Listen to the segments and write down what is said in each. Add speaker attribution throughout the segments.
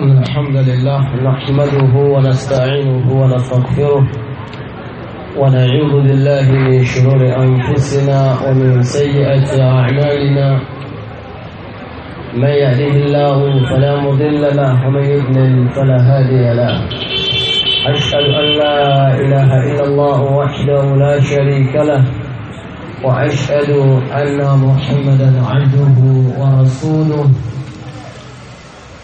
Speaker 1: إن الحمد لله نحمده ونستعينه ونستغفره ونعوذ بالله من شرور أنفسنا ومن سيئة أعمالنا من يهده الله فلا مضل له ومن يضلل فلا هادي له أشهد أن لا إله إلا الله وحده لا شريك له وأشهد أن محمدا عبده ورسوله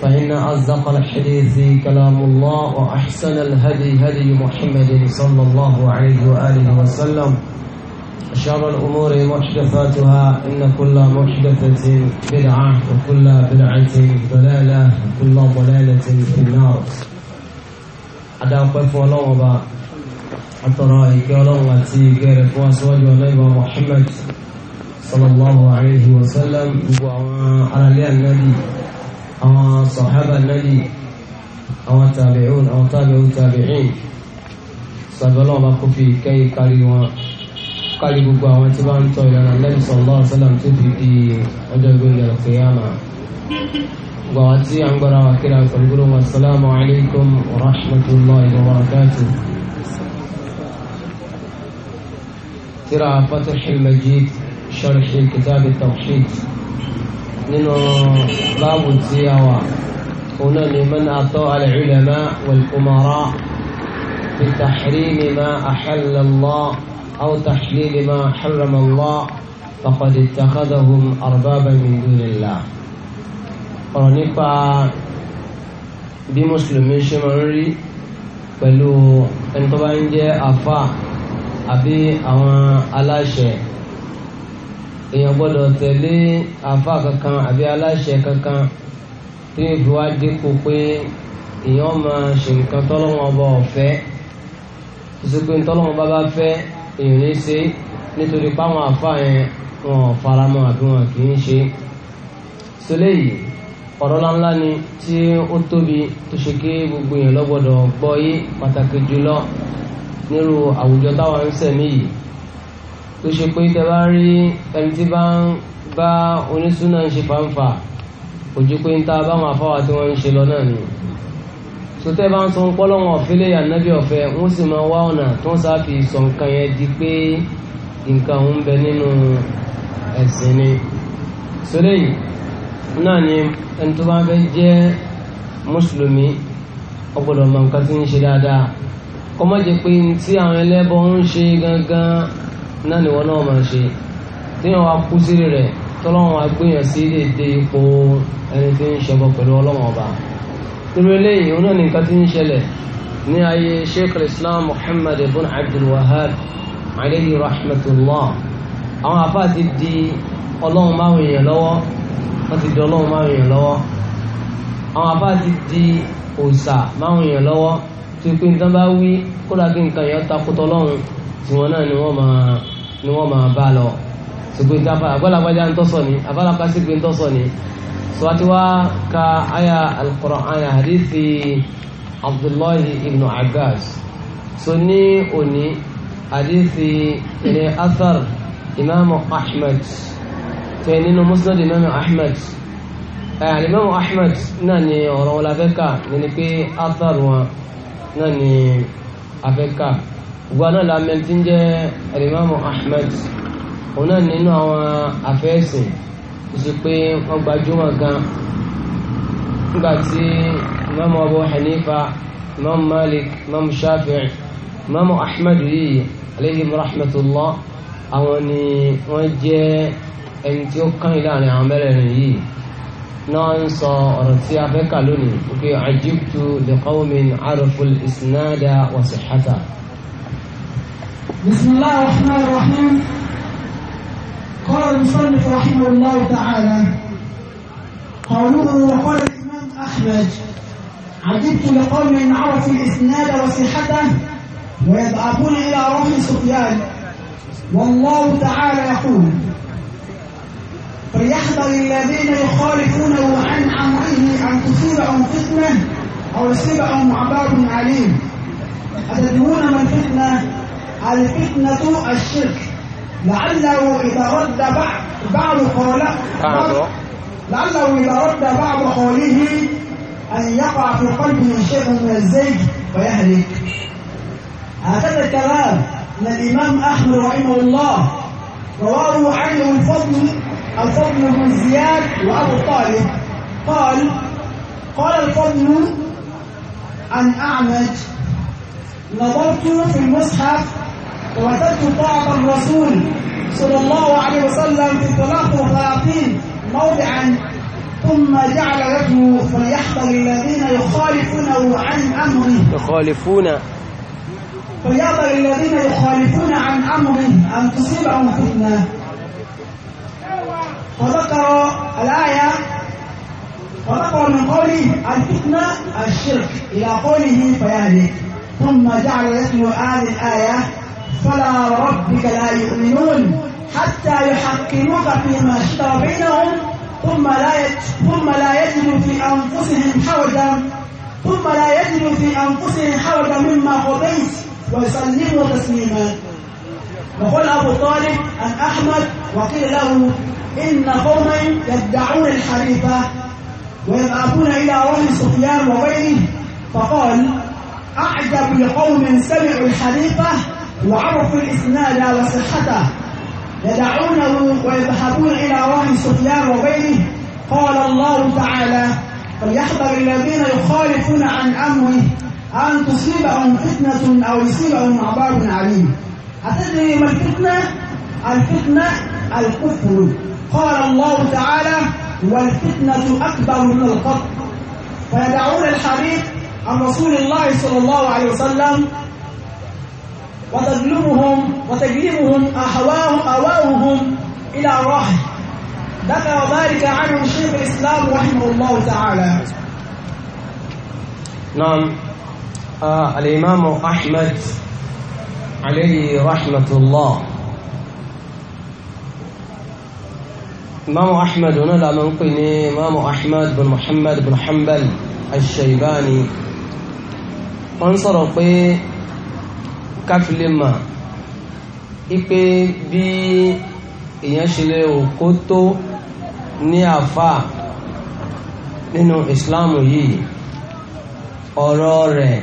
Speaker 1: فإن أصدق الحديث كلام الله وأحسن الهدي هدي محمد صلى الله عليه وآله وسلم شر الأمور محدثاتها إن كل محدثة بدعة وكل بدعة ضلالة وكل ضلالة في النار أدعو قف ولوم أترى إكرام أتي كيرف وأسواج محمد صلى الله عليه وسلم وعلى النبي àwọn sàhábà nàbì àwọn tàbíùn àwọn tàbíùn tàbíìn sàbẹ̀lọ́ ọba kò fi kẹ́yìn kárí wọn kárí gbogbo àwọn tí bá ń tọ́ ìlànà lẹ́yìn sọ̀lọ́ ọ̀sẹ́làm tó fi di ọjọ́ ìgbéga ìyàmà gbogbo àwọn tí a ń gbọ́ra wa kíra pẹ̀lú gbọ́dọ̀ wọn sàlámù alaykum wa rahmatullahi wa barakatuh. ترى فتح المجيد شرح كتاب التوحيد nínú báàbù tí a wà òun náà ni man atọ́ al-ulama wal-umara fi tahrimi ma ahalla Allah aw tahlili ma harrama Allah faqad ittakhadhahum arbaban min dunillah ọ̀rọ̀ nípa bí mùsùlùmí ṣe máa ń rí pẹ̀lú ẹni tó bá ń jẹ́ àfà àbí àwọn aláṣẹ èèyàn gbọ́dọ̀ tẹ̀lé àfa kankan àbí aláṣẹ kankan tí yóò fi wá dínkù pé èèyàn máa ṣe nǹkan tọ́lọ́wọ́n ọba ọ̀fẹ́ ìsìnkú tọ́lọ́wọ́n bá bá fẹ́ èèyàn ní ṣe nítorí páwọn àfa yẹn wọn faramọ́ àbí wọn kì í ṣe. sọlẹ́ yìí ọ̀rọ̀ ńláńlá ni tí ó tóbi tó ṣe kí gbogbo èèyàn lọ́gbọ́dọ̀ gbọ́ yé pàtàkì jùlọ nírú àwùjọ táwọn ń sẹ̀ níyìí tó ṣe pé tẹ bá rí ẹni tí bá ń bá onísúná ń ṣe fàǹfà kò ju pé ń ta báwọn afáwà tí wọ́n ń ṣe lọ náà ni sotẹ́ bá ń sọ ń pọ́lọ́wọ́n ọ̀fẹ́lẹ́ ànábì ọ̀fẹ́ wọ́n sì máa wá ọ̀nà tó ń sáfi sọ nǹkan yẹn di pé nǹkan ń bẹ nínú ẹ̀sìn ni sọlẹ́ yìí náà ni ẹni tó bá fẹ́ jẹ́ mùsùlùmí ó mọ nǹkan tí ń ṣe dáadáa kọ́mọ́jẹ́ pé tí àwọn ẹlẹ́bọ ń ṣe gangan náà ni wọn náà máa ṣe téèyàn wá kú sílé rẹ̀ tọ́lọ́wọ́n wá gbéyàn sí èdè ipò ẹni tí ń ṣẹbọ pẹ̀lú ọlọ́wọ́n ọba irú eléyìí wọn náà ní nǹkan tí ń ṣẹlẹ̀ ní ayé sheikh islam muhammad ibn abdul wahab alayhi rahmatullah àwọn afa ti di ọlọ́run máwìn yẹn lọ́wọ́ wọ́n ti di ọlọ́run máwìn yẹn lọ́wọ́ àwọn afa ti di òòṣà máwìn yẹn lọ́wọ́ tó pé nǹkan bá wí kó tí wọn náà ni wọ́n máa ni wọ́n máa bá lọ ṣùgbọ́n ìta àgbàlagbàjá ń tọ́sọ̀ ni àbálàpá sí pé ń tọ́sọ̀ ni ṣùgbọ́n wá ka àyà al-Qur'an hadithi Abdullahi ibn Abbas so ní òní hadithi ilẹ̀ athar imaamu Ahmad tẹ nínú musnad imaamu Ahmad alimaamu Ahmad náà ni ọ̀rọ̀ wọn la fẹ́ kà ní ni pé athar wọn gbọ́nà lamẹ́ni tí ń jẹ́ alimami ahmed òun náà nínú àwọn afẹ́sìn tó ṣe pé wọ́n gbajúmọ̀ gan nígbà tí imam abu hanifa imam malik imam shafi'i imam ahmed yìí aleyhi rahmatullah àwọn ni wọ́n jẹ́ ẹni tí ó kàn yín àwọn mẹ́rẹ̀ẹ̀rin yìí náà ń sọ ọ̀rọ̀ tí a fẹ́ kà lónìí wípé ajibtu liqawmin araful isnada wa sihata.
Speaker 2: بسم الله الرحمن الرحيم قال المصنف رحمه الله تعالى قوله وقال الإمام أحمد عجبت لقوم عرفوا الإسناد وصحته ويذهبون إلى روح سفيان والله تعالى يقول فليحذر الذين يخالفونه عن أمره أن تصيبهم فتنة أو يصيبهم عذاب عليم أتدرون ما الفتنة الفتنة الشرك لعله إذا رد بعض بعض قوله آه، لعله إذا رد بعض قوله أن يقع في قلبه شيء من الزيج ويهلك هذا الكلام من الإمام أحمد رحمه الله رواه عنه الفضل الفضل بن زياد وأبو طالب قال قال الفضل عن أعمد نظرت في المصحف وجدت طاعة الرسول صلى الله عليه وسلم في 33 موضعا ثم جعل يده فليحذر الذين يخالفونه عن امره
Speaker 1: يخالفون
Speaker 2: فليحذر الذين يخالفون عن امره ان تصيبهم فتنه فذكر الايه فذكر من قوله الفتنه الشرك الى قوله فيهلك ثم جعل يتلو هذه الايه فلا ربك لا يؤمنون حتى يحكموك فيما شرى بينهم ثم لا ثم لا يجدوا في انفسهم حرجا ثم لا يجدوا في انفسهم حرجا مما قضيت ويسلموا تسليما وقال ابو طالب عن احمد وقيل له ان قوما يدعون الحريفه ويذهبون الى رجل سفيان وغيره فقال اعجب لقوم سمعوا الحريفه وعرفوا الإسناد وصحته يدعونه ويذهبون إلى راي سفيان وغيره قال الله تعالى فليحذر الذين يخالفون عن أمره أن تصيبهم فتنة أو يصيبهم عذاب عليم أتدري ما الفتنة؟ الفتنة الكفر قال الله تعالى والفتنة أكبر من القتل فيدعون الحديث عن رسول الله صلى الله عليه وسلم وتظلمهم وتجلبهم أهواهم إلى الرحم ذكر ذلك عن شيخ الإسلام رحمه الله تعالى
Speaker 1: نعم آه الإمام أحمد عليه رحمة الله إمام أحمد هنا لا منقل إمام أحمد بن محمد بن حنبل الشيباني وانصر قيه káfílẹ̀ mọ̀ ipe bí èèyàn ṣe lè òkó tó ní àfà nínú ìsìláàmù yìí ọ̀rọ̀ rẹ̀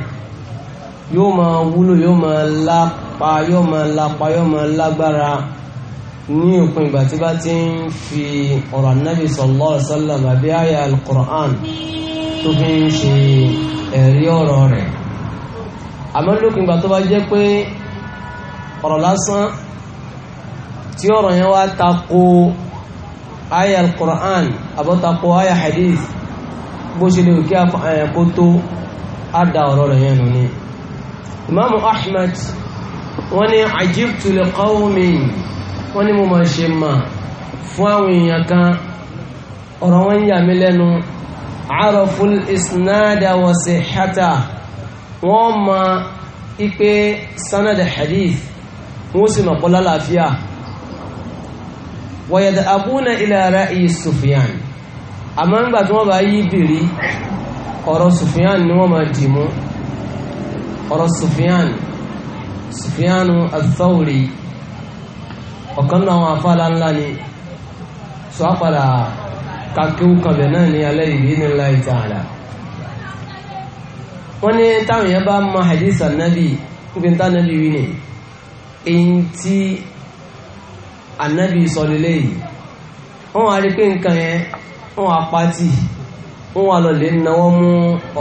Speaker 1: yóò máa wúlò yóò máa lápa yóò máa lápa yóò máa lágbára ní òpin ìgbà tí bá ti ń fi ọ̀rọ̀ anábì sallallahu alaihi wasallam àbí àyà al-Qur'an tó fi ń ṣe ẹ̀rí ọ̀rọ̀ rẹ̀ àmọ́ lókùn ìgbà tó bá jẹ́ pé ọ̀rọ̀ lásán tí ọ̀rọ̀ yẹn wá tako aya al-Qur'an àbọ́tako aya hadith bó ṣe lè kí àyànkó tó àdá ọ̀rọ̀ rẹ̀ yẹn nù imamu ahmed wọ́n ní ajibtu li qawmin wọ́n ní mo ma ṣe ma fún àwọn èèyàn kan ọ̀rọ̀ wọn yà mí lẹ́nu araful isnada wa wọ́n ma ipe sanad hadith wọ́n sì mọ̀ pọ́lá láàfíà wọ̀yẹ̀dà abúnà ila ra'i Sufyan àmọ́ nígbà tí wọ́n bá yí bìrí ọ̀rọ̀ Sufyan ni wọ́n ma dì mú ọ̀rọ̀ Sufyan Sufyanu al-Thawri ọ̀kan náà wọn afá láńlá ni sọ àpàdà kakéwù kan bẹ̀ náà ní alẹ́ ìbí nílá ìtàlá wọ́n ní táwọn èèyàn bá mọ hadith anabi nígbà tá anabi wí ni èyí tí anabi sọ lélẹ̀ yìí wọ́n wá rí pé nǹkan yẹn wọ́n wá pátì wọ́n wá lọ lè náwó mú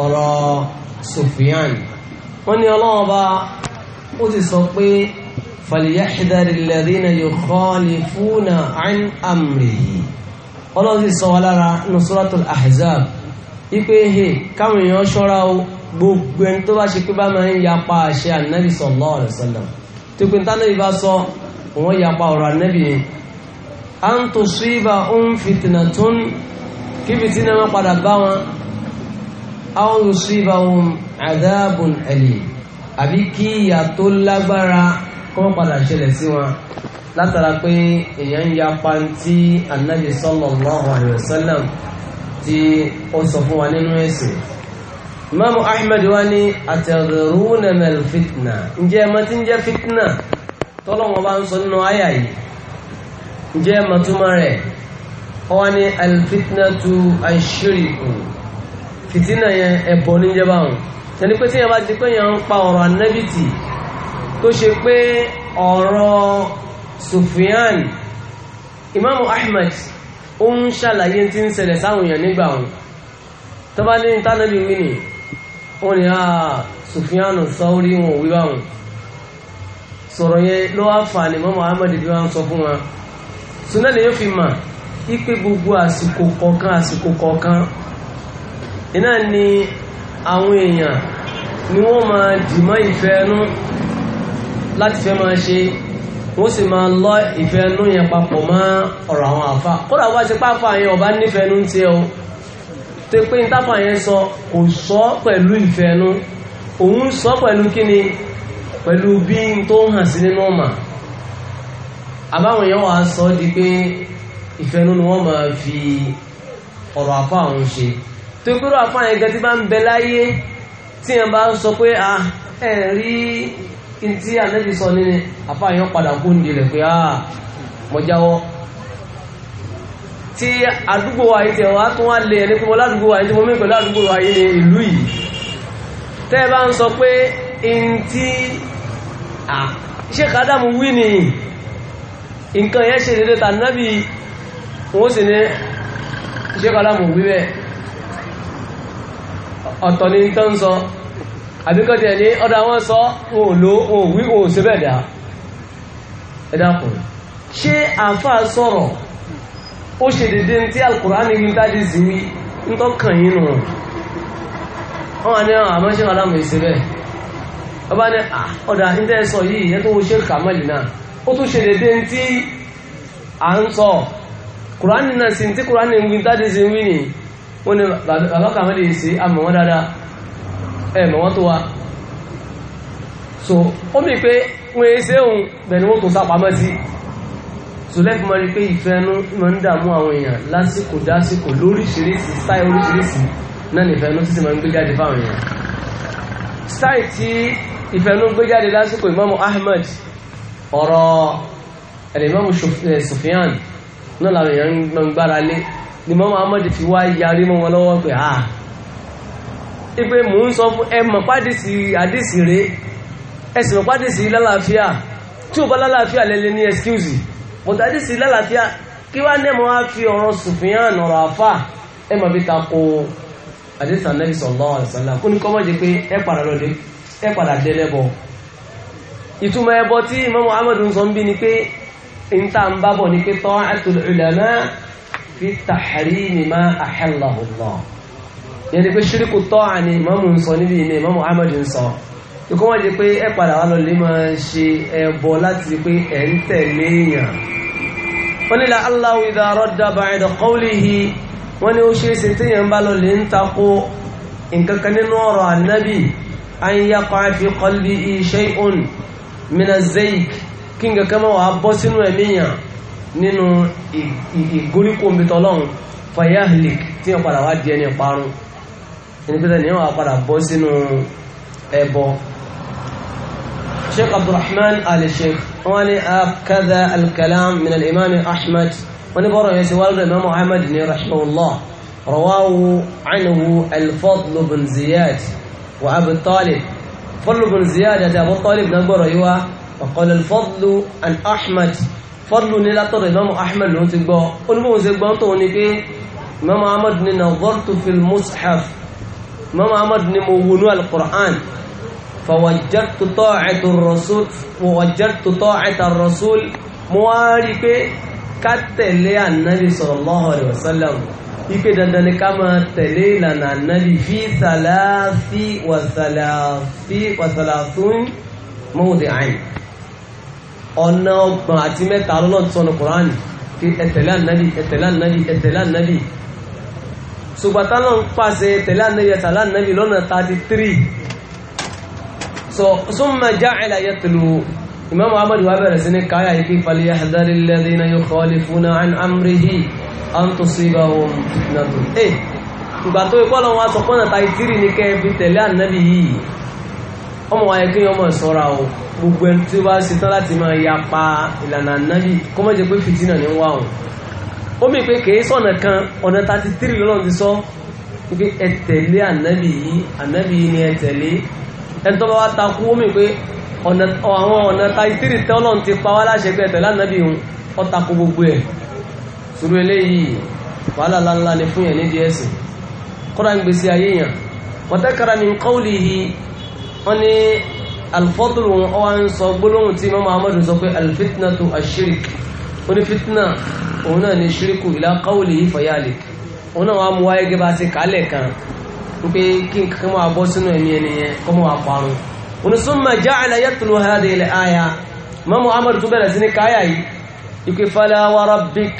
Speaker 1: ọ̀rọ̀ Sufyan wọ́n ní ọlọ́wọ́n bá ó ti sọ pé falyahdhari alladhina yukhalifuna an amrihi ọlọ́wọ́n ti sọ wa lára nusratul ahzab ipe he káwọn èèyàn ṣọ́ra o gbogbo ẹni tó bá ṣe pé bá máa ń yapa àṣẹ ànábì sallallahu alaihi wasallam tó pé tánàbì bá sọ wọn yapa ọ̀rọ̀ ànábì yẹn à ń tó ṣíbà ó ń fìtìnà tó ń kí fìtìnà wọn padà bá wọn à ń tó ṣíbà ó ń adhabun alim àbí kí ìyà tó lágbára kó wọn padà ṣẹlẹ̀ sí wọn látara pé èèyàn ń yapa tí ànábì sallallahu alaihi wasallam tí ó sọ fún wa nínú ẹ̀sìn imamu ahmed wa ni àtẹ̀rùnà mẹ́lì fitna ǹjẹ́ ẹ̀mọ́ tí ń jẹ́ fitna tọ́lọ́wọ́n bá ń sọ nínú àyà yìí ǹjẹ́ ẹ̀mọ́ túmọ̀ rẹ̀ wọ́n ní alfitna tu aṣíríkù fitina yẹn ẹ̀bọ níjẹ́ báwọn tẹni pé tí yẹn bá ti pé yẹn ń pa ọ̀rọ̀ anábìtì tó ṣe pé ọ̀rọ̀ sufiyan imaamu ahmed ó ń ṣàlàyé tí ń ṣẹlẹ̀ sáwọn èèyàn nígbà wọn tó bá ní tánàbí wí nìyí wọ́n ni a Sufyanu Sauri wọn ò wí báwọn sọ̀rọ̀ yẹn ló wá fà ní mọ́mọ́ Ahmed bí wọ́n sọ fún wa sunnah ni yóò fi mà ipe gbogbo àsìkò kọ̀ọ̀kan àsìkò kọ̀ọ̀kan iná ni àwọn èèyàn ni wọ́n máa dìmọ́ ìfẹ́ ẹnu tó pé ìtàfà yẹn sọ kò sọ pẹ̀lú ìfẹ́nu òun sọ pẹ̀lú kíni pẹ̀lú bí n tó hàn sí nínú ọmọ àbáwọn èèyàn wà sọ di pé ìfẹ́nu ni wọ́n máa fi ọ̀rọ̀ àfà àwọn ṣe tó pé ọ̀rọ̀ àfà yẹn gẹ́gẹ́ tí bá ń bẹ láyé tí yẹn bá ń sọ pé à ẹ̀ rí tí ànẹ́bí sọ nínú àfà yẹn padà kó ń pé à mọ̀jáwọ́ tí àdúgbò wa yìí tẹ̀ wá tó wá lè ẹni pípọ̀ ládùúgbò wa yìí tí mo mẹ́kọ̀ ládùúgbò wa yìí ní ìlú yìí tẹ́ bá ń sọ pé in tí Sheikh Adam wí ni nǹkan yẹn ṣe dédé ta nábì wọ́n sì ní Sheikh Adam wí bẹ́ẹ̀ ọ̀tọ̀ ni tó ń sọ àbíkọ́ tiẹ̀ ní ọ̀dọ̀ àwọn sọ wọn ò lò wọn ò wí wọn ò sí bẹ́ẹ̀ dá ẹ ṣé àǹfà sọ̀rọ̀ ó ṣe dédé ní tí alukùránì wí dáadé sí wí ń tọ́ kàn yín nù wọ́n wà ní ah, àmọ́ ṣe aláàmù ìṣe bẹ́ẹ̀ ọba ní ah, ọ̀dà ní yìí ìyẹn tó wo ṣe kàmọ́lì náà ó tún ṣe dédé ní tí à ń sọ si náà sí tí kùránì wí dáadé sí wí nì wọ́n ní bàbá àmọ́ wọn so ó mì pé wọ́n ṣe òun bẹ̀ ni wọ́n tó sọlẹ́fì máa rí pé ìfẹ́nu máa ń dààmú àwọn èèyàn lásìkò dásìkò lóríṣiríṣi sáì oríṣiríṣi náà ní ìfẹ́nu sì máa ń gbé jáde fáwọn èèyàn sáì tí ìfẹ́nu gbé jáde lásìkò ìmáàmù Ahmed ọ̀rọ̀ ẹ̀lẹ́mọ̀mù eh, Sufyan náà làwọn èèyàn ń gbára lé ni ìmáàmù Ahmed fi wá yarí mọ́ wọn lọ́wọ́ pé ah ipe mò ń sọ fún ẹ mọ̀ pádìsì àdìsì rèé ẹ sì mọ̀ pádìsì lálàáfíà tí ò bá lálàáfíà lẹ́lẹ́ ní ẹskíùsì bọ̀tà àdìsí lálàáfíà kí wá ní ẹ̀mọ́ wá fi ọ̀rọ̀ sùfìyàn ọ̀rọ̀ àfà ẹ̀ mọ̀ bí tako àdìsí ànábì sallallahu alaihi wasallam kó ní kọ́mọ́ jẹ pé ẹ padà lọ́dẹ ẹ padà dé lẹ́bọ̀ ìtumọ̀ ẹbọ tí Imam Ahmad ń sọ ń bí ni pé ń tà ń bábọ̀ ni pé ta'atul ulama fi tahrimi ma ahallahu Allah yẹn ni pé ṣíríkù tọ́ àní Imam ń sọ níbi ìní Imam Ahmad sọ ikú wọ́n jẹ́ pé ẹ padà wá lọ lè máa ṣe ẹbọ láti pé ẹ̀ ń tẹ̀lé èèyàn wọ́n nílá Allahu idha radda ba'da qawlihi wọ́n ní ó ṣe é ṣe téèyàn bá lọ lè ń takò nǹkan kan nínú ọ̀rọ̀ ànábì an yaqa'a fi qalbihi shay'un min az-zayk kí nǹkan kan máa wà bọ́ sínú ẹ̀mí yàn nínú ìgóríkò mbitọ́lọ́run fayahlik tí wọ́n padà wá di ẹni parun ẹni pẹ́tẹ́ ni wọ́n padà bọ́ الشيخ عبد الرحمن آل الشيخ وانا كذا الكلام من الإمام أحمد وانا برا يسوال الإمام أحمد رحمه الله رواه عنه الفضل بن زياد وأبو الطالب فضل بن زياد أبو الطالب نقول أيوة وقال الفضل أن أحمد فضل نلا ترى الإمام أحمد نتبع تبقى المهم تبقى توني إمام أحمد نظرت في المصحف إمام أحمد نمو القرآن فوجدت طاعة الرسول ووجدت طاعة الرسول مواريك كتلي النبي صلى الله عليه وسلم ipe dandan ni ká máa tẹ̀lé ìlànà ànábì fi sàlááfí wàsàlááfí wàsàlááfún mọ́ọ̀dẹ̀ àìn ọ̀nà ọgbọ̀n àti mẹ́ta lọ́nà tí wọ́n kùránì fi ẹ̀tẹ̀lé ànábì ẹ̀tẹ̀lé ànábì ẹ̀tẹ̀lé ànábì ṣùgbọ́n tálọ́ ń pàṣẹ ẹ̀tẹ̀lé ànábì ẹ̀tẹ̀lé ànábì lọ́nà 33 so summa ja'ala yatlu imam ahmad wa bẹ̀rẹ̀ sí ní káyà yìí kí falyahdhari alladhina yukhalifuna an amrihi an tusibahum fitnatun eh ìgbà tó ikọ́ lọ́wọ́ aṣọ pọ́nà ta ìtírì ní kẹ́ẹ̀bí tẹ̀lé ànábì yìí ọmọ wa yẹ kí ọmọ o gbogbo ẹni tí ó bá ṣe tán láti ya pa ìlànà ànábì kó má jẹ́ pé fìtínà ní wà o ó mì pé kìí sọ̀nà kan ọ̀nà ta ti tírì ti sọ pé ẹ tẹ̀lé ànábì yìí ànábì yìí ni ẹ ẹni tó bá wá takú ó mì pé àwọn ọ̀nà taitiri tí ọlọ́run ti pa wá láṣẹ pé ẹ̀tẹ̀ lánàbí òun ó takú gbogbo ẹ̀ sùúrù eléyìí wàhálà ńláńlá ni fún yẹn nídìí ẹ̀sìn kọ́ra ń gbèsè ayé yẹn wọ́tẹ́kara mi kọ́ọ̀lì yìí wọ́n ní alfọ́tòlù wọn ọwọ́ ń sọ gbólóhùn tí mọ́mọ́ amadu sọ pé alfitna tu ashirik ó ní fitna òun náà ní shiriku ìlà kọ́ọ̀lì yìí fayalik òun náà wàá mú wáyé gẹ́gẹ́ bá ti kálẹ̀ kan wípé kí nǹkan máa bọ́ sínú ẹ̀mí ẹni yẹn kọ́ mọ́ àparun onísúnmọ̀ já àlàyé tó lọ́wọ́ hádé ilẹ̀ àyà mọ́mọ́ amadu tó bẹ̀rẹ̀ sí ní káyà yìí ìpè fala wa rabbik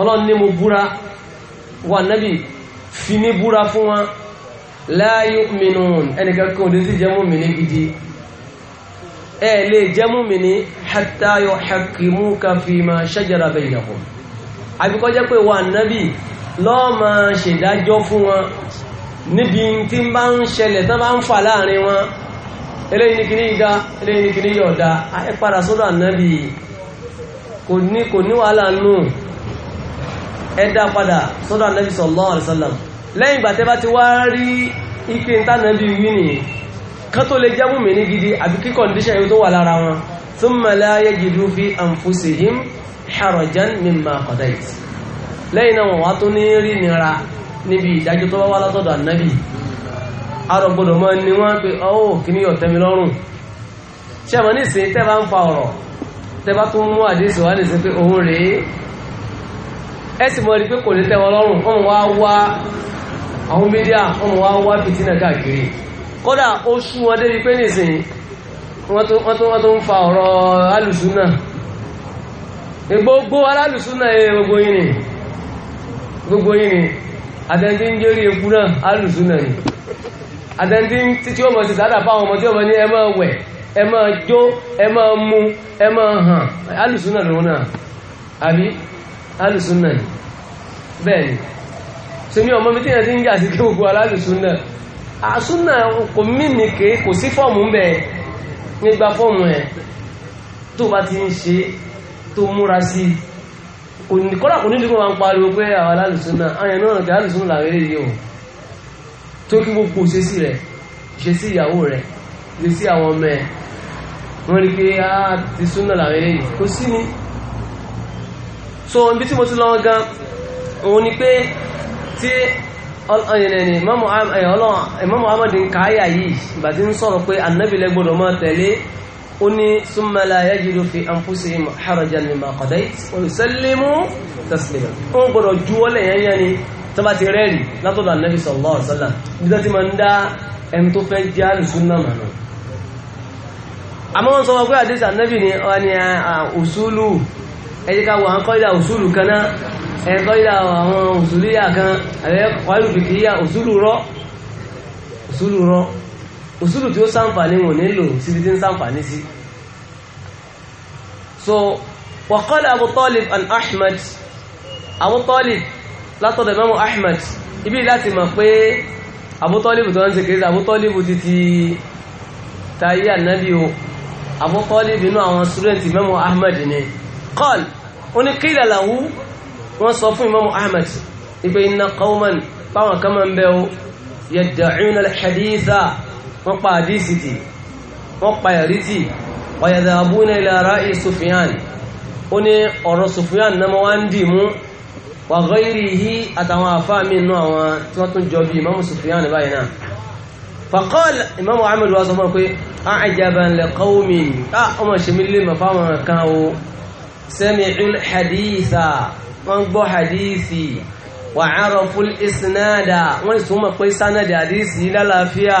Speaker 1: ọlọ́run ní mo búra wà nábì fi ní búra fún wọn la yu'minun ẹnìkan kan òde sí jẹ́mú mi ní gidi ẹ lè jẹ́mú mi ní hatta yuhakkimuka fima shajara baynahum àbíkọ́ jẹ́ pé wà nábì lọ́ọ́ máa ṣèdájọ́ fún wọn níbi tí ń bá ń ṣẹlẹ̀ tán bá ń fà láàrin wọn eléyìí ní kìíní ìdá eléyìí ní kìíní yọ̀ọ̀dá ẹ padà sọ́dọ̀ ànábì kò ní kò ní wàhálà nù ẹ dá padà sọ́dọ̀ ànábì sallallahu alaihi wasallam lẹ́yìn ìgbà tẹ́ bá ti wá rí ike ń tànábì wí nìyí kan tó lè jẹ́ mi ní gidi àbí kí kọ̀ǹdíṣẹ̀ yóò tó wà lára wọn thumma la yajidu fi anfusihim harajan mimma qadayt lẹ́yìn náà wọ́n wá tó ní rí nira níbi ìdájọ́ tó wá látọ̀dọ̀ ànábì arọ gbọdọ̀ mọ́ ni wọ́n pé ọ́ kí ní ọ̀tẹ́mi lọ́rùn ṣe mọ́ ní ìsìn tẹ́bá ń fa ọ̀rọ̀ tẹ́bá tó mú àdéṣe wá nìsìn pé òun rèé ẹ sì mọ́ rí pé kò ní tẹ́wọ́ lọ́rùn wọ́n wá wá àwọn mídíà wọ́n wá wá fìtínà káàkiri kódà ó sú wọn débi pé nìsìn wọ́n tó ń fa ọ̀rọ̀ alùsùnà gbogbo eh, gbogbo yìí ni àtẹ́ntí ń gérí eku náà alùsùn náà ni àtẹ́ntí títí ọmọ sí sádà fáwọn ọmọ tí ní ẹ wẹ̀ jó mu hàn náà lòun náà àbí alùsùn náà ni bẹ́ẹ̀ tí yẹn ti ń jà sí kí gbogbo náà náà kò mí kò sí fọ́ọ̀mù ń kò ní kọ́lá kò ní ìdíkùn wa ń pariwo pé àwọn alálùsúnà àyàn náà kí alálùsúnà làwọn eré yìí o tó kí gbogbo ṣe sí rẹ̀ ṣe sí ìyàwó rẹ̀ ṣe sí àwọn ọmọ ẹ̀ wọ́n rí pé a ti súnà làwọn eré yìí kò sí ni so ibi tí mo ti lọ gan òun ni pé tí ọ̀yẹ̀nẹ̀ni Imam Ahmad ń káyà yìí ìgbà tí ń sọ̀rọ̀ pé anábìlẹ̀ gbọ́dọ̀ máa tẹ̀lé ó ní summa la yajidu fi anfusihim harajan mimma qadayt wa yusallimu taslima ó gbọ́dọ̀ juwọ́lẹ̀ yẹn yẹn ni tó bá ti rẹ́rì látọ̀dọ̀ ànábì sallallahu alaihi wasallam nígbà tí máa ń dá ẹni tó fẹ́ jẹ́ àlùsúnnà mọ̀nà àmọ́ wọn sọ pé àdéṣà ànábì ni ọ ni òṣùlù ẹ̀yí ká wọ àwọn kọ́ídà òṣùlù kan náà ẹ̀ kọ́ídà àwọn òṣùlù yà kan àbẹ́ kọ́ídà òṣùlù rọ́ òṣùlù rọ́ òsùlù tí ó sàǹfààní wọn nílò síbi tí ń sàǹfààní sí so waqala abu talib an ahmed abu talib látọ̀dọ̀ mẹ́mú ahmed ibi láti mọ̀ pé abu talib tó ń ṣe kéré abu talib ti ti tayé ànábì o abu talib inú àwọn student mẹ́mú ahmed ni qal oníkílẹ̀ làwú wọ́n sọ fún imam ahmed ìpé inna qawman báwọn kan máa ń bẹ́ o yadda'una al wọ́n pa àdísì tì wọ́n pa ẹ̀rí tì ọ̀yẹ̀dẹ̀ abúlé ilẹ̀ ara ì Sufyan ó ní ọ̀rọ̀ Sufyan náà wá ń dì mú wa ghayrihi àtàwọn àfáà mi nù àwọn tí wọ́n tún jọ bí Imamu Sufyan báyìí náà faqal Imamu Ahmad wa sọ fún mi pé a'jaban li qawmin ah ọmọ ìṣẹ́mi lè mọ̀ fáwọn kan o sami'ul haditha wọ́n gbọ́ hadithi wà á rọ̀ fún isnada wọ́n ìsúnmọ̀ pé sanadi hadithi lálàáfíà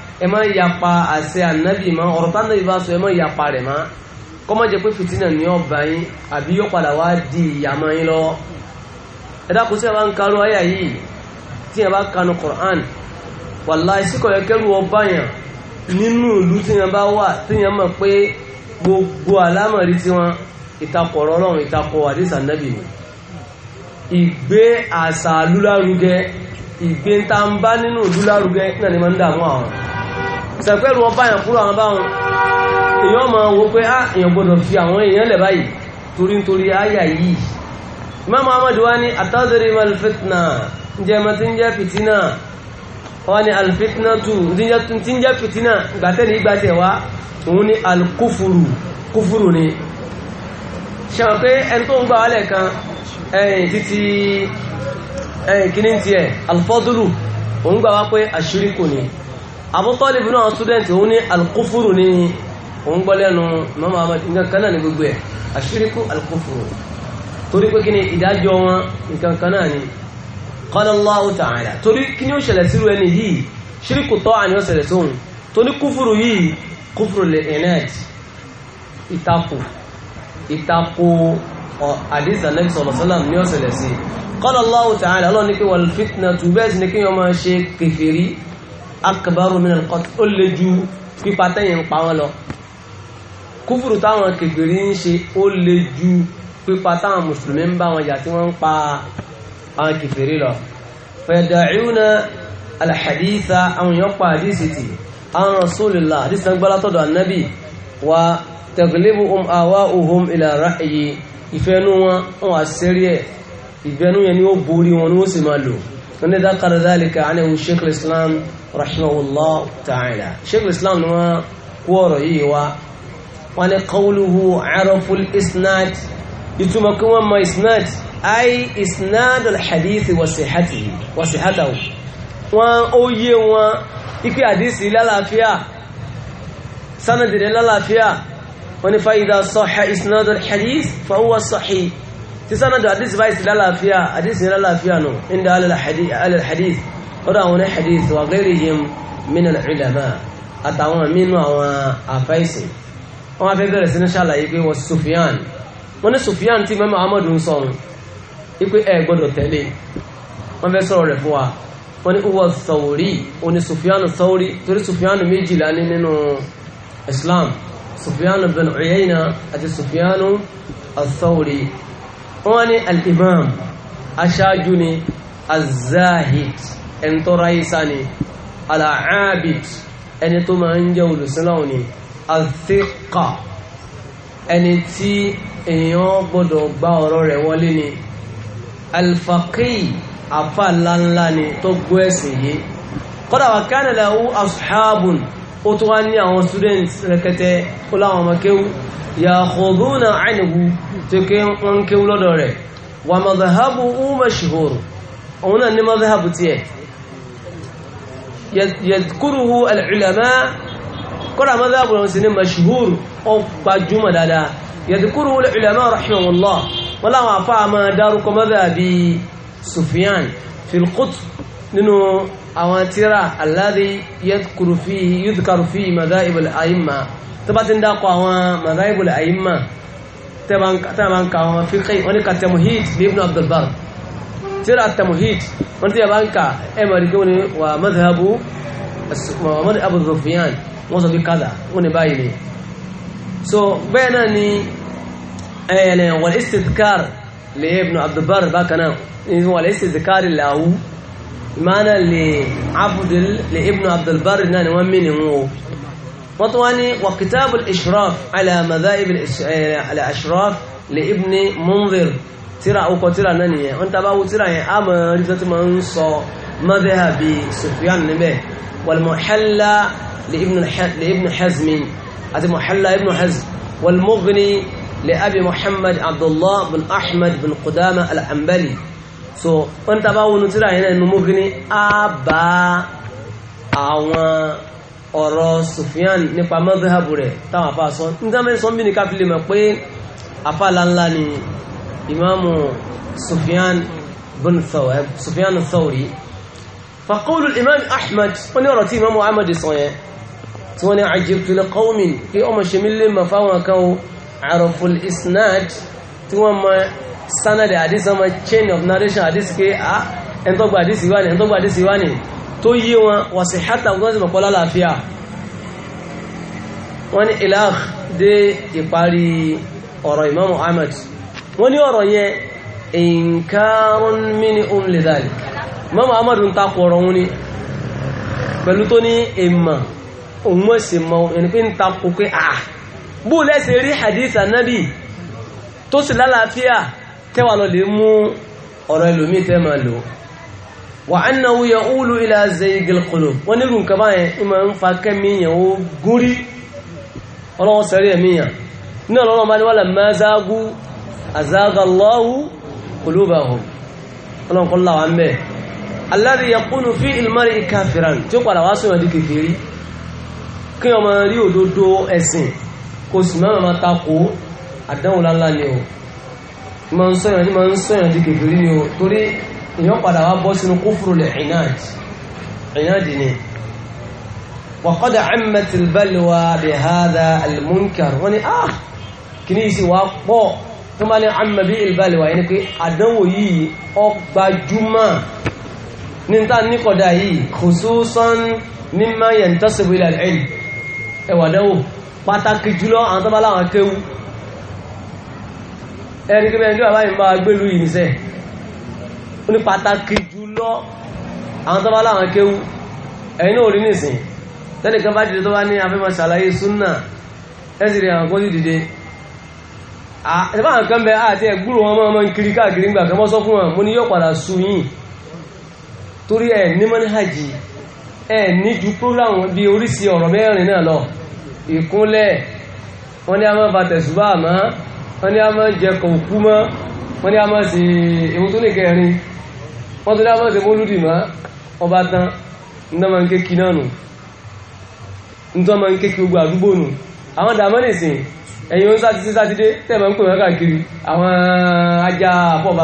Speaker 1: ẹ má yapa àṣẹ ànábì mọ́ ọ̀rọ̀ tánábì bá sọ ẹ má yapa rẹ̀ mọ́ kọ́mọ́ jẹ́ pé fìtínà ní ọba yín àbí yóò padà wá di ìyàmọ́ yín lọ́wọ́ ẹ dákun sí ẹ̀bá ń karú ayà yìí tí ẹ̀bá kanu Qur'an wàláhì sí kọ̀yọ́ kẹ́rù ọba yàn nínú ìlú tí yẹn bá wà tí yẹn mọ̀ pé gbogbo àlámọ̀rí tí wọ́n ìtakọ̀ ọ̀rọ̀ ọlọ́run ìtakọ̀ àdìsá nábì ni ìgbé àṣà lúlárugẹ ìgbé ń nínú lúlárugẹ náà ni máa ń dààmú àwọn sẹ̀pẹ́rù ọba yàn kúrò àwọn báwọn èèyàn máa wo pé á ah, èèyàn gbọdọ̀ fi àwọn èèyàn lẹ̀ báyìí torí nítorí àyà yìí Imam Ahmad wá ní àtàzẹ̀rẹ̀ ìmọ̀ alfitna ǹjẹ́ ẹ̀mọ́ tí ń jẹ́ fìtínà wa ní alfitna tù tí ń jẹ́ fìtínà gbàtẹ́lì ìgbàtẹ̀ wá òun ní alkúfùrù kúfùrù ni ṣẹ̀wọ̀n pé ẹni tó ń gbà wálẹ̀ kan ẹ̀yìn títí ẹ̀yìn kíní tiẹ̀ alfọ́dúrù òun gbà wá pé àṣírí kò ní Abu Talib náà student òun ní alkufuru ní òun gbọ́ lẹ́nu mọ́mọ́ amadu nǹkan kan náà ní gbogbo ẹ̀ àṣíríkú alkufuru torí pé kí ni ìdájọ́ wọn nǹkan kan náà ni qala Allahu ta'ala torí kí ni ó ṣẹlẹ̀ sí ẹni yìí ṣíríkù tọ́ àní ó ṣẹlẹ̀ sóhun torí kúfùrù yìí kúfùrù lè ẹ̀nẹ́ẹ̀tì ìtakò ìtakò àdìsà lẹ́kì sọ̀lọ̀sọ́làm ní ó sí qala Allahu ọlọ́ni pé wal fitnatu bẹ́ẹ̀ ni kí wọ́n máa ṣe kèfèrí akbaru min al-qatl ó lè ju pípa tẹ́yìn ń pa wọ́n lọ kúfùrù táwọn kègbèrí ń ṣe ó lè ju pípa táwọn mùsùlùmí ń bá wọn jà tí wọ́n ń pa àwọn kèfèrí lọ fẹ̀dàcúnà alhaditha àwọn èèyàn pa àdísì tì àwọn rasulillah àdísì náà gbọ́lá wa tẹ̀gìlébù um àwa ohun ila ra'yi ìfẹ́nu wọn wọn àṣẹ́rí ẹ̀ ìfẹ́nu yẹn ni ó borí wọn ni ó sì máa lò ní dákàrà dálíkà á ní ohun sheikh islam rahimahullah ta'ala sheikh islam ni wọ́n kú ọ̀rọ̀ yìí wá wọ́n ní qawluhu araful isnad ìtumọ̀ kí wọ́n mọ isnad ay isnad alhadith wasihatahu wọ́n ó yé wọn ipe àdísì lálàáfíà sanadire lálàáfíà wọ́n ní fa idha sahha isnad alhadith fa huwa sahih tí sanadu hadith báyìí sí lálàáfíà hadith yẹn lálàáfíà nù inda alàlhadith ọ̀dọ̀ àwọn oníhadith wa ghayrihim min al-ulama àtàwọn mínú àwọn àfẹ́sìn wọ́n wá fẹ́ bẹ̀rẹ̀ sí ní ṣàlàyé pé wọ́n Sufyan wọ́n ní Sufyan tí mẹ́mọ́ Ahmadu ń sọ wípé ẹ gbọ́dọ̀ tẹ̀lé wọ́n fẹ́ sọ̀rọ̀ rẹ̀ fún wa wọ́n ní uwa Thawri oní Sufyan Thawri torí Sufyan méjìlá ní nínú Islam Sufyan bin Uyayna àti Sufyan Thawri wọ́n ní al-imam aṣáájú ni az-zahid ẹni tó ráyísá ni al-aabid ẹni tó máa ń jẹ́ olùsíláwò ni al-thiqa ẹni tí èèyàn gbọ́dọ̀ gba ọ̀rọ̀ rẹ̀ wọlé ni al-faqih àfà ni tó gbọ́ ẹ̀sìn yìí kódà kánàlá ó ashabun ó tó wá ní àwọn students rẹkẹtẹ ó láwọn ọmọ kéwú yàkùbúnà àìníwú tó ké wọ́n kéwú lọ́dọ̀ rẹ̀ wà madhahabu umashihoro òun náà ní madhahabu tiẹ̀ yadkuruhu al'ulama kọ́ra madhahabu lọ́wọ́ sí ní mashihor ó gbajúmọ̀ dáadáa yadkuruhu àwọn tíra alladhi yadhkuru fihi yudhkaru fihi madhahibul a'imma tó bá ti ń dákọ̀ àwọn madhahibul a'imma tẹ́bà ń ka àwọn fíkì wọ́n ní ka tamuhid ní ibn Abdul Barr tíra tamuhid wọ́n ti yà ń ka ẹ̀ mọ̀ ríkẹ́ wọ́n wà madhabu Muhammad Abu Sufyan sọ bí kádà wọ́n ní báyìí ni so bẹ́ẹ̀ náà ni ẹ̀yẹ̀nẹ̀ wal istidhkar li ibn Abdul bákan náà wal istidhkar معنى لعبد لابن عبد البر نان ومنه وطواني وكتاب الاشراف على مذاهب آه، على الاشراف لابن منذر ترى او ترى نانية وانت باو ترى اما رزت منصة مذهبي سفيان نبه والمحلى لابن لابن حزم هذا محلة ابن حزم والمغني لابي محمد عبد الله بن احمد بن قدامه الانبلي so wọ́n ní tàbá wọnú tíra yẹn ẹnu mọ́gí ní á bá àwọn ọ̀rọ̀ Sufyan nípa mọ́gíhábù rẹ̀ táwọn afá sọ ní tàbí sọ bí ní ká fi lè mọ̀ pé afá láńlá ni ìmáàmù Sufyan bin Sufyan Thawri faqawlu imam Ahmad wọ́n ní ọ̀rọ̀ tí ìmáàmù Ahmad sọ yẹn tí wọ́n ní ajibtu li qawmin kí ọmọ ṣe lè mọ̀ fáwọn kan àròfò isnad tí wọ́n mọ sanadi hadith ọmọ chain of narration hadith ke a ah, ẹni tó gba hadith ìwá ni ẹni tó gba hadith ìwá ni tó yé wọn wà sí hátà wọn sì mọ̀ pọ́lá làáfíà wọ́n ní ilah dé ìparí ọ̀rọ̀ Imam Ahmad wọ́n ní ọ̀rọ̀ yẹn inkarun minhum lidhalik Imam Ahmad ń takò ọ̀rọ̀ wọn ni pẹ̀lú tó ní ìmọ̀ òun mọ̀ sí mọ̀ ẹni pé ń takò pé à bú lẹ́sẹ̀ rí hadith anabi tó sì lálàáfíà tẹ́wà lọ lè mú ọ̀rọ̀ ẹlòmí tẹ́ máa lò wà annahu ya'ulu ila zaygil qulub wọ́n nílùú nǹkan báyẹn ìmọ̀ ń fa kẹ́míyàn ó gúnrí ọlọ́wọ́ sẹ́rí ẹ̀míyàn ní ọlọ́rọ̀ máa ní wà lamma zagu azaga Allahu qulubahum kí wọ́n rí òdodo ẹ̀sìn kò sì máa máa takò àdánwò láńlá ni o ma ń sọ́yàn ní ma ń sọ́yàn di kèfèrí ni o torí èèyàn padà wá bọ́ sínú kófòrò lè ìnáàdì ìnáàdì ni wàkọ́dà ẹ̀mẹ́tìlbẹ́lẹ̀wà bẹ̀ hádà almunkar wọ́n ni ah kì ní ìsì wá pọ̀ tó bá ní ẹ̀mẹ́bí ìlbẹ́lẹ̀wà yẹn ni pé àdánwò yìí ọgbàjúmọ̀ ní ta níkọ̀dá yìí khususan mimma yantasibu ila al-ilm ẹ̀wà dánwò pàtàkì jùlọ àwọn tó bá kéwù ẹni kí bẹ́ẹ̀ ní bàbá yìí máa gbélú yìí sẹ́ ó ní pàtàkì jùlọ àwọn tọ́ba láwọn kéwú ẹ̀yin náà ò rí nìsín tẹ́nìkan bá dìde tó bá ní afẹ́mọ̀ ṣàlàyé súnà ẹ̀sìn rẹ̀ àwọn kó sì dìde àtẹ́fà àwọn kan bẹ àti ẹ̀gbúrò wọn mọ́ ọmọ kiri káàkiri ń gbà kan mọ́ sọ fún wọn mo ní yóò padà su yìí torí ẹ̀ ní mọ́níhàjì ẹ̀ ní ju program bí oríṣi ọ̀rọ̀ mẹ́rin náà lọ ìkúnlẹ̀ wọn ní a máa bàtẹ̀ ṣùgbọ́n àmọ́ wọ́n ní a máa jẹ kò ma mọ́ wọ́n ní a máa ṣe ewu tó ní kẹrin wọ́n tó ní a máa ṣe mólúdì mọ́ wọ́n tán ní ọmọ náà nù ní ọmọ nké gbogbo àdúgbò nù àwọn dàmọ́ nìsín ẹ̀yìn oún sátidé sátidé tẹ̀mọ̀ ń pè wọ́n káàkiri àwọn ajá àpọ̀ọ̀bá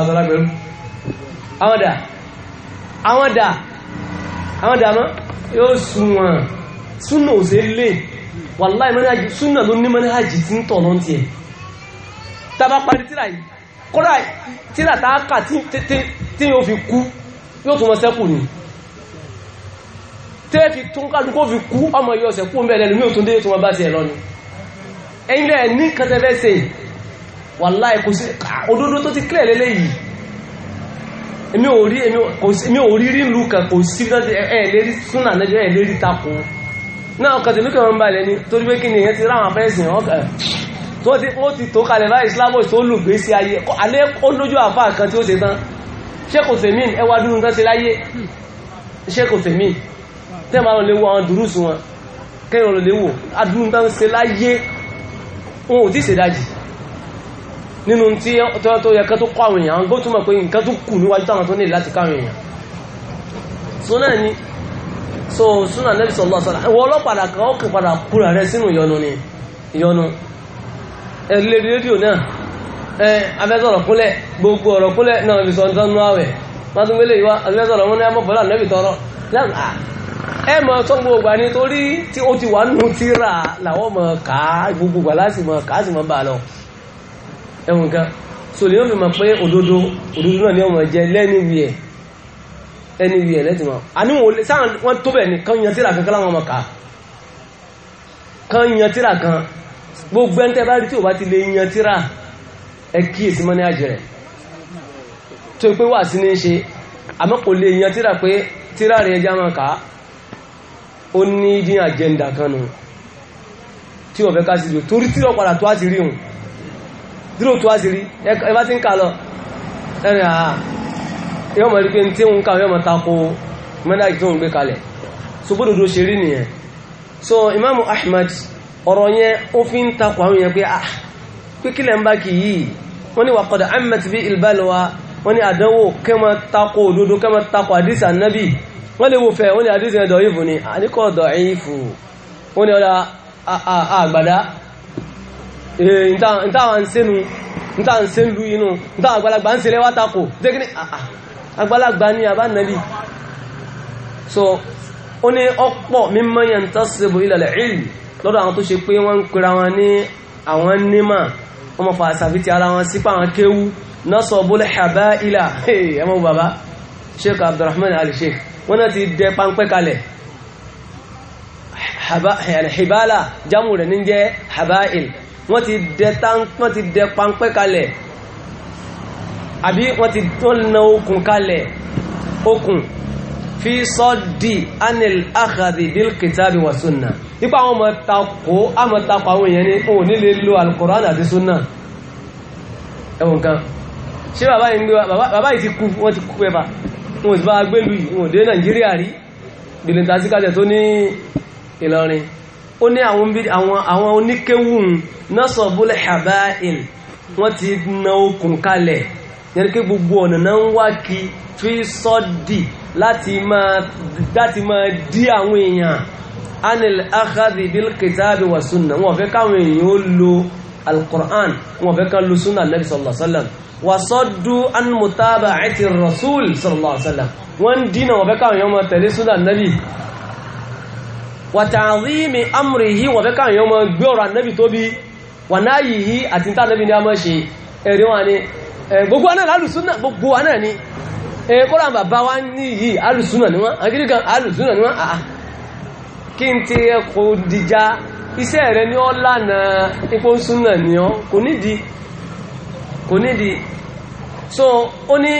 Speaker 1: àwọn dà tàbá parí tíra yìí kódà tíra tààkà tí yóò fi kú yóò tún mọ́ sẹ́kù ni tẹ́ fi tún kálukó fi kú ọmọ yóò sẹ́kù mẹ́rẹ̀ lómi ò tún dé tún wọ́n bá sí ẹ̀ lọ́nu ẹ̀yìn lẹ́ ní kẹtẹ́fẹ́ se wàláì kò sí òdodo tó ti kílẹ̀ lélẹ́ yìí èmi ò náà kàtẹ́lú kẹwọn balẹ̀ ni torí pé kí ni ìyẹn ti ráwọn afẹ́sìn ọkàn tó ti wọ́n ti tó kalẹ̀ bá islamu tó lùgbé sí ayé alẹ́ ó lójú àfá kan tí ó ṣe tán ṣékò tèmín ẹwà dúró nǹkan ṣe láyé ṣékò tèmín tẹ́ máa lè wo àwọn dùrúsù wọn kẹ́yìn lè wò adúrú nǹkan ṣe láyé wọn ò tí ṣèdájì nínú tí tó yẹ kẹ́ tó kọ́ àwọn èèyàn àwọn gbọ́ túnmọ̀ pé nǹkan tó kù níwájú táwọn tó nílò láti káwọn èèyàn so náà ni so súnà nẹ́bí sọ̀lọ́sọ̀lá ìwọ ọlọ́pàá kan ó kì padà kúrà rẹ sínú ìyọnu ni ìyọnu ẹ̀lẹ́ rédíò náà ẹ abẹ́sọ̀rọ̀ kúnlẹ̀ gbogbo ọ̀rọ̀ kúnlẹ̀ náà fi sọ ń tán nú àwẹ̀ mátúngbélé ìwá abẹ́sọ̀rọ̀ wọn ní abọ́fọ́lá nẹ́bì tọrọ ẹ mọ sọ́gbọ́n ògbà ni torí tí ó ti wà nù tíra làwọn mọ ká gbogbo gbà láti mọ ká sì mọ bà lọ ẹwọn kan sòlè yóò fi mọ pé òdodo òdodo náà ni ọmọ jẹ lẹ́ni wíẹ̀ ẹni wíẹ̀ lẹ́tìmọ̀ àníwò sáà wọ́n tó bẹ̀ ní kan yan tíra kan kan láwọn ọmọ ká kan yan tíra kan gbogbo ẹntẹ́ bá rí tí ò bá ti lè yan tíra ẹ kíyèsí mọ́ ní àjẹrẹ̀ tó pé wà sí ní ṣe àmọ́ kò lè yan tíra pé tíra rẹ̀ ẹja máa kà á ó ní ní àjẹ́ndà kan nù tí ọ̀fẹ́ ká sí lò torí tí ọ̀padà tó á ti rí hùn dúró tó á ti rí ẹ so imamu ṣe Ahmad ọ̀rọ̀ yẹn ó fi ń takò àwọn èèyàn pé ah pé kílẹ̀ ń bá kì yìí wọ́n ní wàkọ̀dà ahmed bí ìlbàlùwà wọ́n ní àdánwò kẹ́mọ́ takò òdodo kẹ́mọ́ takò àdìsí ànábì wọ́n lè wò fẹ́ wọ́n ní àdìsí ẹ̀dọ̀ ìfù ni àdìkọ̀ ọ̀dọ̀ ìfù wọ́n ní ọ̀dà àgbàdá ìtàwọn sẹ́nu ìtàwọn sẹ́nu inú ìtàwọn àgbàlagbà so ó ní ọ̀pọ̀ mímọ́ yẹn tásìbò ilẹ̀ ilẹ̀ lọ́dọ̀ àwọn tó ṣe pé wọ́n ń pera wọn ní àwọn nímà wọ́n mọ̀ fà sàfitì ara wọn sípà àwọn kéwú nasabul habaila ẹ mọ̀ bàbá sheikh abdulrahman al-sheikh wọ́n náà ti dẹ páńpẹ́ kalẹ̀ hibala jamu rẹ̀ ní jẹ́ habail wọ́n ti dẹ wọ́n ti kalẹ̀ fi sọ́dì anil akhadi bil kitabi wa sunna nípa àwọn ọmọ takò àmọ́ takò àwọn èèyàn ní òun nílé lo alukoran àti sunna ẹ̀wọ̀n kan ṣé bàbá yìí ń gbé bàbá yìí ti kú wọ́n ti kú ẹ̀bà wọn ò sì bá gbélú yìí wọn ò dé nàìjíríà rí bìlìntà sí kájẹ tó ní ìlọrin ó ní àwọn oníkéwùn nọ́sọ̀bùlẹ̀ habail wọ́n ti na okùn kalẹ̀ yẹn kí gbogbo ọ̀nà náà ń wá kí fi sọ́dì láti máa láti máa dí àwọn èèyàn anil akhadhi bil kitabi wa sunna wọ́n fẹ́ káwọn èèyàn ó lo alquran wọ́n fẹ́ ká lo sunna nabi sallallahu alaihi wasallam wa saddu an mutaba'ati rasul sallallahu alaihi wasallam wọ́n dínà wọ́n fẹ́ káwọn èèyàn máa tẹ̀lé sunna nabi wa ta'zimi amrihi wọ́n fẹ́ káwọn èèyàn máa gbé ọ̀rọ̀ nabi tóbi wa nayihi àti tá nabi ni a máa ṣe ẹ̀rí wọn ni gbogbo anáà lálùsúnà gbogbo anáà ni ẹ̀kọ́rọ̀ eh, bàbá wá ní yìí alùsúnà ni wọ́n agídígan alùsúnà ni wọ́n àà ah, ah. kí n ti ẹkọ̀ dìjá iṣẹ́ rẹ̀ ní ọ́ lánà ipò súnà ni ọ́ kò nídìí kò nídìí so ó ní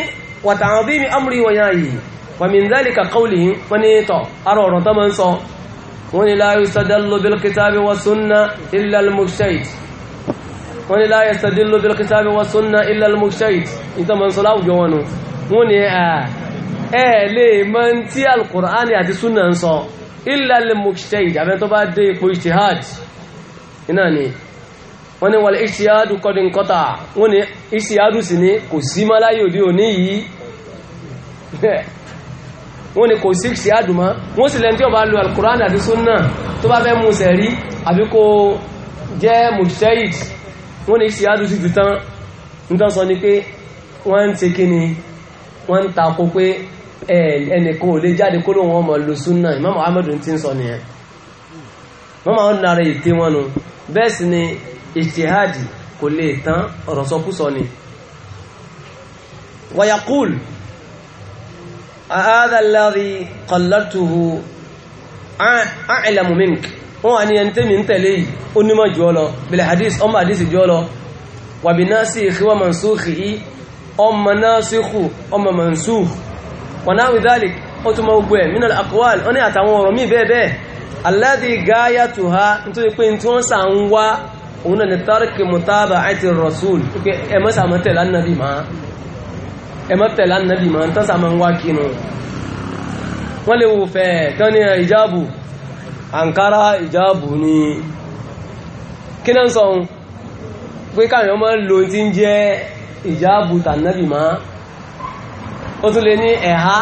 Speaker 1: wàtàwọn bí mi amúrí wọn yáà yìí wàmí ndálì kàkọ́ọ̀lì wọn ní tọ̀ ara ọ̀rọ̀ tó máa ń sọ wọn ni láyé sadallo bil kitabi wa sunna illa al-mujtahid wọn ni láyé sadallo bil kitabi wa sunna illa al-mujtahid ìtọ́ máa ń sọ láwùjọ wọn nù wọ́n ni ẹ̀ lè mọ́ tí alkùránì àti súnà ń sọ illal mujtahid ìjàbẹ́ tó bá dé ipò ijtihad iná ni wọ́n ni wal ijtihad qad inqata wọ́n ni ijtihad sì ni kò sí mọ́ láyé òde òní yìí wọ́n ni kò sí ijtihad mọ́ wọ́n sì lẹ́ni tí ó bá lo alkùránì àti súnà tó bá fẹ́ mú sẹ̀rí àbí kò jẹ́ mujtahid wọ́n ni ijtihad sì ti tán ń tán sọ ni pé wọ́n ń ṣe kí ni wọ́n ń takò pé ẹnìkan ò lè jáde kó lóun ọmọ lu súnà Imam Muhammadu ti ń sọ nìyẹn wọ́n máa ń nara ète wọn nu bẹ́ẹ̀ sì ni ìṣèhádì kò lè tán ọ̀rọ̀ sọkúsọ ni wayaqul هذا الذي قلرته أعلم منك هو أن ينتمي أنت لي أنما جولو بالحديث أم حديث جولو وبناسخ ومنسوخه ọmọ nasikhu ọmọ mansukh wa nahwi dhalik ó tún mọ́ gbogbo ẹ̀ minal aqwal ó ní àtàwọn ọ̀rọ̀ míì bẹ́ẹ̀ bẹ́ẹ̀ alladhi gayatuha nítorí pé tí wọ́n sà ń wá rasul pé kinu wọ́n fẹ́ ní àǹkárá ìjáàbù tànàbì má ó tún lè ní ẹ̀há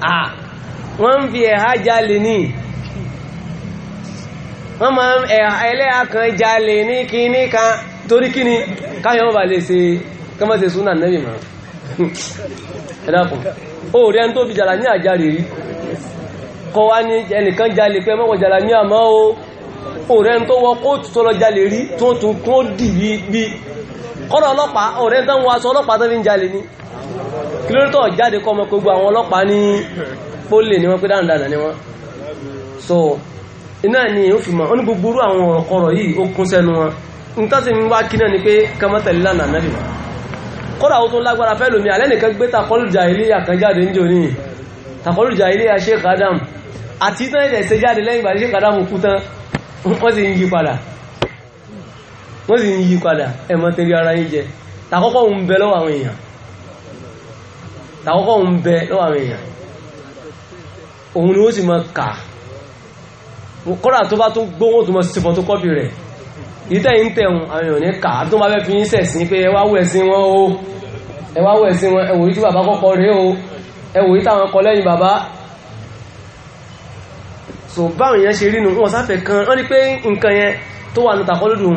Speaker 1: à wọ́n ń fi ẹ̀há jalè ní wọ́n máa ń ẹlẹ́ha kan jalè ní kíní kan torí kíní káyọ̀ bà lè ṣe kọ́mọ́ ṣe súnà nàbì má ẹ̀dàkùn ó rí ẹni tó fi jàlá ní àjálè rí kọ́ wá ní ẹnìkan jalè pé mọ́kọ̀ jàlá ní àmọ́ o òrẹ́ tó wọ kóòtù tó lọ jalè rí tó tún kó dì bí kọ́rọ̀ ọlọ́pàá ọ̀rẹ́ tán wọ aṣọ ọlọ́pàá tán fi ń jalè ní kí lórí tọ́ jáde kọ́ ọmọ gbogbo àwọn ọlọ́pàá ní pólè ni wọ́n pé dáadáa ni wọ́n so iná ni ó fi mọ̀ ó ní gbogbo orú àwọn ọ̀rọ̀ yìí ó kún sẹ́nu wọn nǹkan ń wá kí ni pé kẹ́mọ́tẹ̀lé lánàá náà nìyẹn kọ́rọ̀ àwọn tó lágbára fẹ́ lómi alẹ́ nìkan gbé takọ́lùjà ilé àkànjáde ń jò ní takọ́lùjà ilé àṣẹ kàdámù àti tán ẹ̀dẹ̀ wọ́n sì ń yí padà ẹmọ tẹ́lẹ̀ ara yín jẹ tàkọ́kọ́ ń bẹ lọ́wọ́ àwọn èèyàn tàkọ́kọ́ ń bẹ lọ́wọ́ àwọn èèyàn òun ni ó sì mọ kà kọ́dà tó bá tó gbówó tó mọ síbọ̀ tó kọ́bì rẹ̀ ìtẹ́ ń tẹ̀hún àwọn èèyàn ní kà á tó máa fẹ́ fi yín sẹ̀sìn pé ẹ wá wẹ̀ sí wọn o ẹ wá wẹ̀ sí wọn ẹ wòye tí bàbá kọ́kọ́ rèé o ẹ wòye táwọn kọ lẹ́yìn bàbá so báwọn èèyàn ṣe rí nu wọn sáfẹ́ kan wọ́n ní pé nǹkan yẹn tó wà nù tàkọ́ lódùn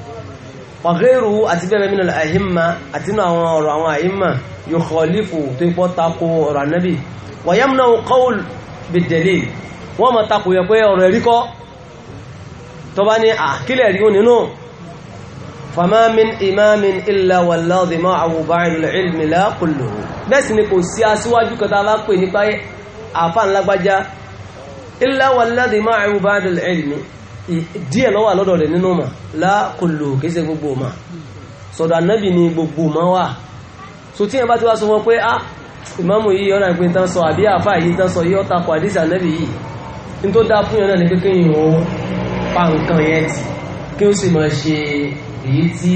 Speaker 1: wàgẹ́rù àti bẹ́ẹ̀ mínú àhímà àti inú àwọn ọ̀rọ̀ àwọn àhímà yóò kọ̀ọ̀lífù tó ipọ́ tako ọ̀rọ̀ ànábì wàyámúná kọ́wùl bìdẹ̀lì wọ́n ma tako yẹ pé ọ̀rọ̀ ẹ̀rí kọ́ tó bá ní àkílẹ̀ rí òun nínú famamin imamin illa wàláàdì máa àwòbá ìrìnlẹ̀ díẹ̀ lọ́wà lọ́dọ̀ rẹ̀ nínú mà lákòlò kése gbogbo mà sọ̀dọ̀ ànábì ni gbogbo mà wà so tí ẹ bá ti wá sọ wọn pé ah ìmáàmù yìí ọ̀nà ìpín tán sọ àbí àfà yìí tán sọ yìí ọ̀ta kò àdísì ànábì yìí ní tó dá fún yẹn náà ní kékeré yìí ó pa nǹkan yẹn tì kí ó sì máa ṣe èyí tí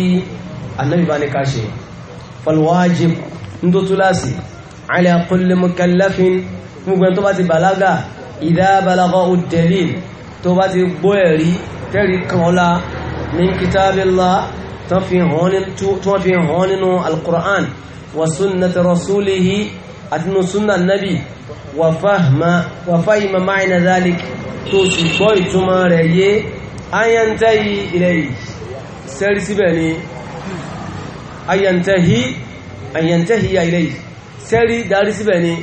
Speaker 1: ànábì bá ní ká ṣe falwajib ní tó túláàsì ala kulli mukallafin gbogbo ẹni tó bá ti bàlágà idha balagha ad-dalil tó bá ti gbọ́ ẹ̀rí tẹ́rí kan ọlá min kitabillah tó wọ́n fi hàn nínú alkur'an wa sunnati rasulihi àti nínú sunna nabi wa fahima ma'ina dhalik tó sì gbọ́ ìtumọ̀ rẹ̀ yé ayantahi ilayhi sẹ́rí síbẹ̀ ni ayantahi ayantahi ilayhi sẹ́rí darí síbẹ̀ ni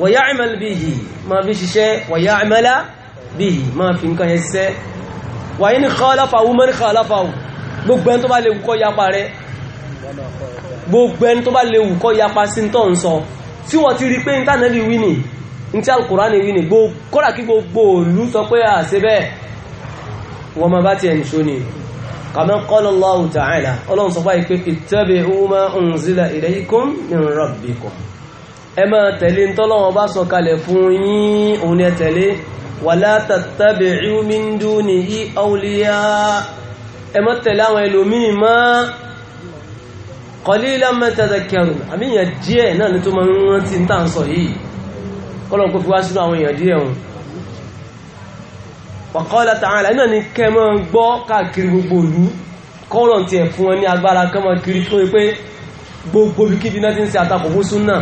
Speaker 1: wa ya'mal bihi ma fi ṣiṣẹ́ wa ya'mala bí i máa fi nǹkan yẹn ṣiṣẹ́ wàyí ní kọ́láfàwú mọ́ ní kọ́láfàwú gbogbo ẹni tó bá lè wùkọ́ yapa rẹ gbogbo ẹni tó bá lè wùkọ́ yapa sí tó ń sọ tí wọ́n ti rí pé ní tánàbí wí ni ní tí alukùránì wí ni kọ́là kí gbogbo òlú sọ pé à ṣe bẹ́ẹ̀ wọ́n máa bá tiẹ̀ nìṣó ni kàmẹ́ kọ́lọ́ Allahu ta'ala ọlọ́run sọ báyìí pé ittabi'u ma unzila ilaykum min rabbikum ẹ máa tẹ̀lé ntọ́lọ́wọ́n bá sọ kalẹ̀ fún yín òun ẹ tẹ̀lé wala tattabi'u min dunihi awliya ẹ má tẹ̀lé àwọn ẹlòmíì mọ́ qalilan ma tadhakkarun àmì èèyàn díẹ̀ náà ni tó máa ń rántí ń tàn sọ yìí kọ́lọ̀ kó fi wá sínú àwọn èèyàn díẹ̀ wọn wa qala ta'ala náà ni kẹ́ mọ́ gbọ́ káàkiri gbogbo òlú kọ́rọ̀ tí ẹ̀ fún wọn ní agbára kọ́ mọ́ kiri tó pé gbogbo bí kíbi náà ti ń ṣe àtakò fún súnà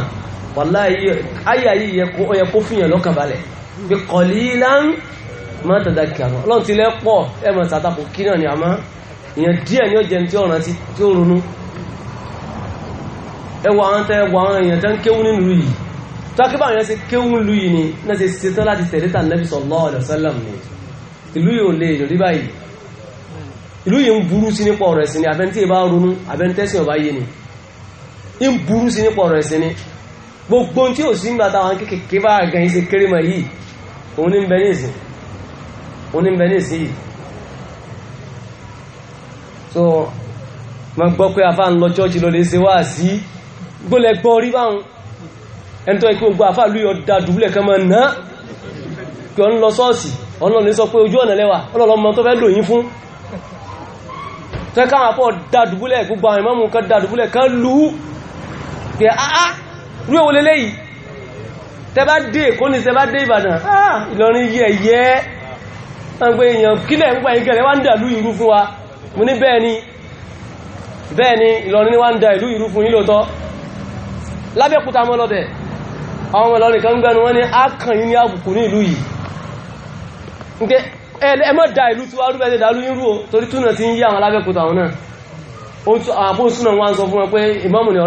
Speaker 1: wàláhí ayé ayé yẹ kó fìyàn lọ́kàn bí qalilan ma tadhakkarun ọlọ́run ti lẹ́pọ̀ ẹ mọ̀ sàtàkù kí náà ni àmọ́ èèyàn díẹ̀ ni ó jẹun tí ọ̀ràn ti tí ó ronú ẹwà àwọn tẹ ẹwà àwọn èèyàn tẹ́ ń kéwú nínú yìí tó akébà àwọn èèyàn kéwú lu yìí ni náà ṣe ṣetán láti tẹ̀lé tà Nabi sallallahu alaihi wasallam ni ìlú yìí ò lè rí báyìí ìlú yìí ń burú sí nípa ọ̀rọ̀ ẹ̀sìn ni àbẹ́ntí ìbá ronú àbẹ́ntẹ́sìn ọ̀bá yé ni ń burú sí nípa ọ̀rọ̀ ẹ̀sìn ni gbogbo tí ò sí ń gbàtà àwọn kékeré bá gan yìí kéré mọ̀ yìí òun ní ń bẹ ní ìsìn òun ní ń bẹ ní ìsìn yìí so mo gbọ́ pé afá ń lọ chọ́ọ̀chì lọ lè ṣe wá sí gbọ́lẹ̀ gbọ́ rí gbogbo afá yọ da dùbúlẹ̀ kan máa ná kí wọ́n lọ sọ́ọ̀sì ọlọ́run ní sọ pé ojú ọ̀nà lẹ́wà ọlọ́run mọ tó fẹ́ lò yín fún da gbogbo àwọn ìmọ̀mù kan da dùbúlẹ̀ kan lù ruo èwo leléyìí tẹ́bá dé èkó ní tẹ́bá dé ìbàdàn ah, ìlọrin yẹ yẹ ẹgbẹ́ èèyàn kílẹ̀ ń gbà ìgẹ̀rẹ̀ wá ń dà lú ìrú fún wa mo ní bẹ́ẹ̀ ni bẹ́ẹ̀ ni ìlọrin wá ń dà ìlú ìrú fún yín lóòótọ́ lábẹ́kúta mọ́ lọ́dẹ̀ àwọn ọmọ kan gbẹnu wọn ni a kàn yín ní àbùkù ní ìlú yìí nke ẹ mọ́ da ìlú tí wá rú o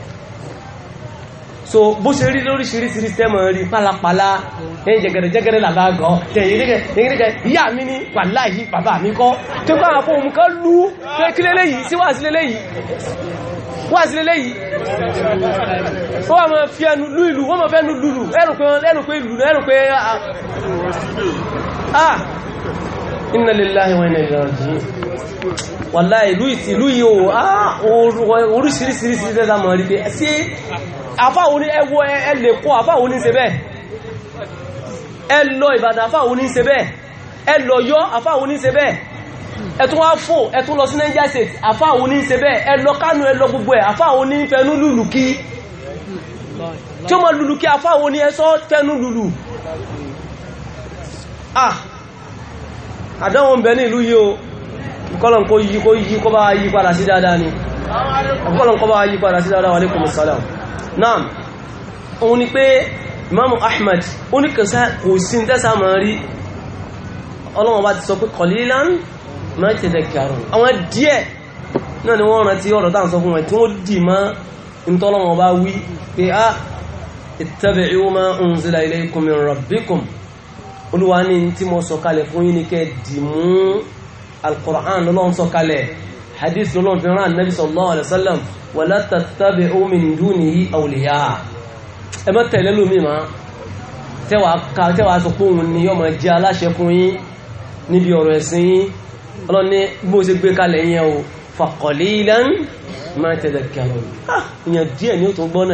Speaker 1: so bó ṣe rí lóríṣiríṣi sẹ́mọ̀ rí pálapàla ẹ̀ jẹgẹrẹjẹgẹrẹ làbá gan jẹgẹrẹjẹgẹrẹ ìyá mi ní pàlá yìí bàbá mi kọ́ tó bá àpò òun kan lú pé kí lélẹ́ yìí sí wàásí lélẹ́ yìí wàásí lélẹ́ yìí ó wà máa fi ẹnu lú ìlú wọ́n máa fẹ́ nu lùlù ẹnu pé ìlú ẹnu pé ah, ah inna lillahi wa inna ilayhi raji'un wallahi ìlú ìtìlú yìí o oríṣiríṣiríṣi tẹ́ta mọ̀ rí pé sí àfáwọn ní ẹwọ ẹlẹ́ kọ́ àfáwọn ní ṣe bẹ́ẹ̀ ẹ lọ Ìbàdàn àfáwọn ní ṣe bẹ́ẹ̀ ẹ lọ yọ àfáwọn ní ṣe bẹ́ẹ̀ ẹ tún wá fò ẹ tún lọ sí Niger State àfáwọn ní ṣe bẹ́ẹ̀ ẹ lọ Kánò ẹ lọ gbogbo ẹ àfáwọn ní fẹnu lùlù kí tí ó mọ lùlù kí àfáwọn ní ẹ sọ fẹnu lùlù ah! àdánwò ń bẹ ní ìlú yìí o kọ́lọ̀n kó yí kó yí kó bá yí padà sí dáadáa ni kọ́lọ̀n kó bá yí padà sí dáadáa alaikum salam náà òun ni pé imam ahmed ó ní kò sí tẹ́sà mọ̀ rí ọlọ́wọ́n bá ti sọ pé qalilan ma tadhakkarun àwọn díẹ̀ náà ni olúwa ní tí mo sọ̀kalẹ̀ fún yín ní kẹ́ dì mú alkùrán lọ́lọ́run sọ̀kalẹ̀ hadith lọ́lọ́run fi rán nabi sallallahu alaihi wasallam wala tattabi'u min dunihi awliya ẹ má tẹ̀lé lómi ma tẹ́wàá sọ pé òun ni yọ́ máa jẹ́ aláṣẹ fún yín níbi ọ̀rọ̀ ẹ̀sìn yín ọlọ́run ní bó ṣe gbé kalẹ̀ yẹn o fa qalilan ma tadhakkarun ah! ìyẹn díẹ̀ ni ó tún gbọ́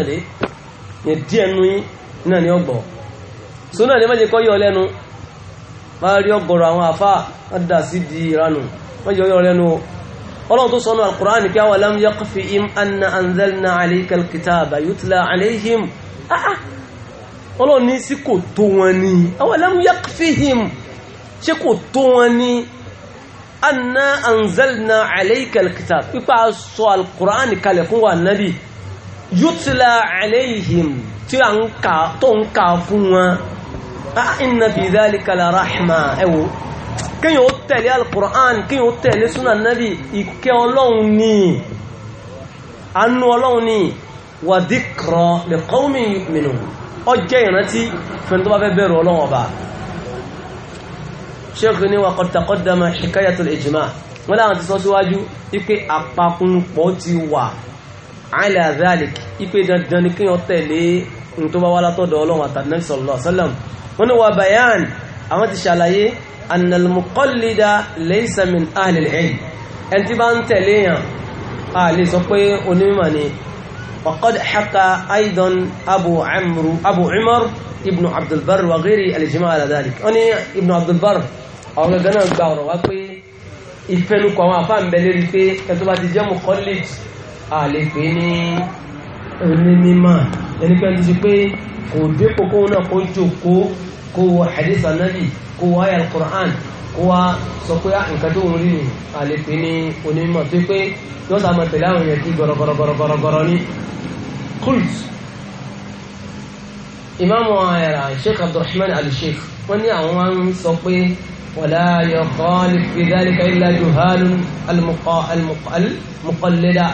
Speaker 1: máa rí ọgọ̀rọ̀ àwọn àfá ọdá sí di ìranù wọ́n yọ yọ lẹ́nu ọlọ́run tó sọ́nà alkùnrán ní kí àwọn alam yaqfihim anna anzalna alaykal kitaba yutla alayhim ah, ah. ọlọ́run ní sí kò tó wọn ni àwọn alam yaqfihim ṣe kò tó wọn ni anna anzalna alaykal kitaba pípa sọ alkùnrán kalẹ̀ fún wa nabi yutla alayhim tí a ń ka tó ń ka fún wọn Ah, inna fi dhalika la rahma ẹwò kíyàn ó tẹ̀lé al-Qur'an kíyàn ó tẹ̀lé súnà nábì ìkẹ́ ọlọ́run ní anú ọlọ́run ní wa dhikra li qawmin yu'minun ọjẹ́ ìrántí fẹ́ni tó bá fẹ́ bẹ̀rù ọlọ́run ọba sheikh ni wa qad taqaddama hikayatul ijma' wọ́n láwọn ti sọ síwájú ipé àpapùnpọ̀ ti wà ala dhalik ipé dandan ni kíyàn tẹ̀lé ní tó bá wá látọ̀dọ̀ ọlọ́run àtàdínẹ́sọ̀lọ́ wọ́n ní wà bayan àwọn ti ṣàlàyé annalmukọ́lida laysa min ahlil ilm ẹni tí bá ń tẹ̀lé yàn a lè sọ pé onímọ̀ ni وقد حكى أيضا أبو عمرو أبو عمر ابن عبد البر وغيره الإجماع على ذلك أني ابن عبد البر أو لقنا الدورة وقي ìfẹ́nukọ̀ àwọn àfáà ń bẹ lérí pé ẹ̀tọ́ bá onímọ̀ ẹnikẹ́ni ti pé kò dípò kó náà kó jòkó kó wọ hadith anabi kó wọ ayé alukur'an kó wá sọ pé ah, nǹkan tó ń rí ni àlepé ní onímọ̀ tó pé yóò sá máa tẹ̀lé àwọn èèyàn kí gọ̀rọ̀gọ̀rọ̀gọ̀rọ̀ ní. kult ìmáàmù ayẹ̀rà sheikh abdulrahman al-sheikh wọ́n ní àwọn máa ń sọ pé wàlá yọkọ́ ní fìdálì illa juhalun al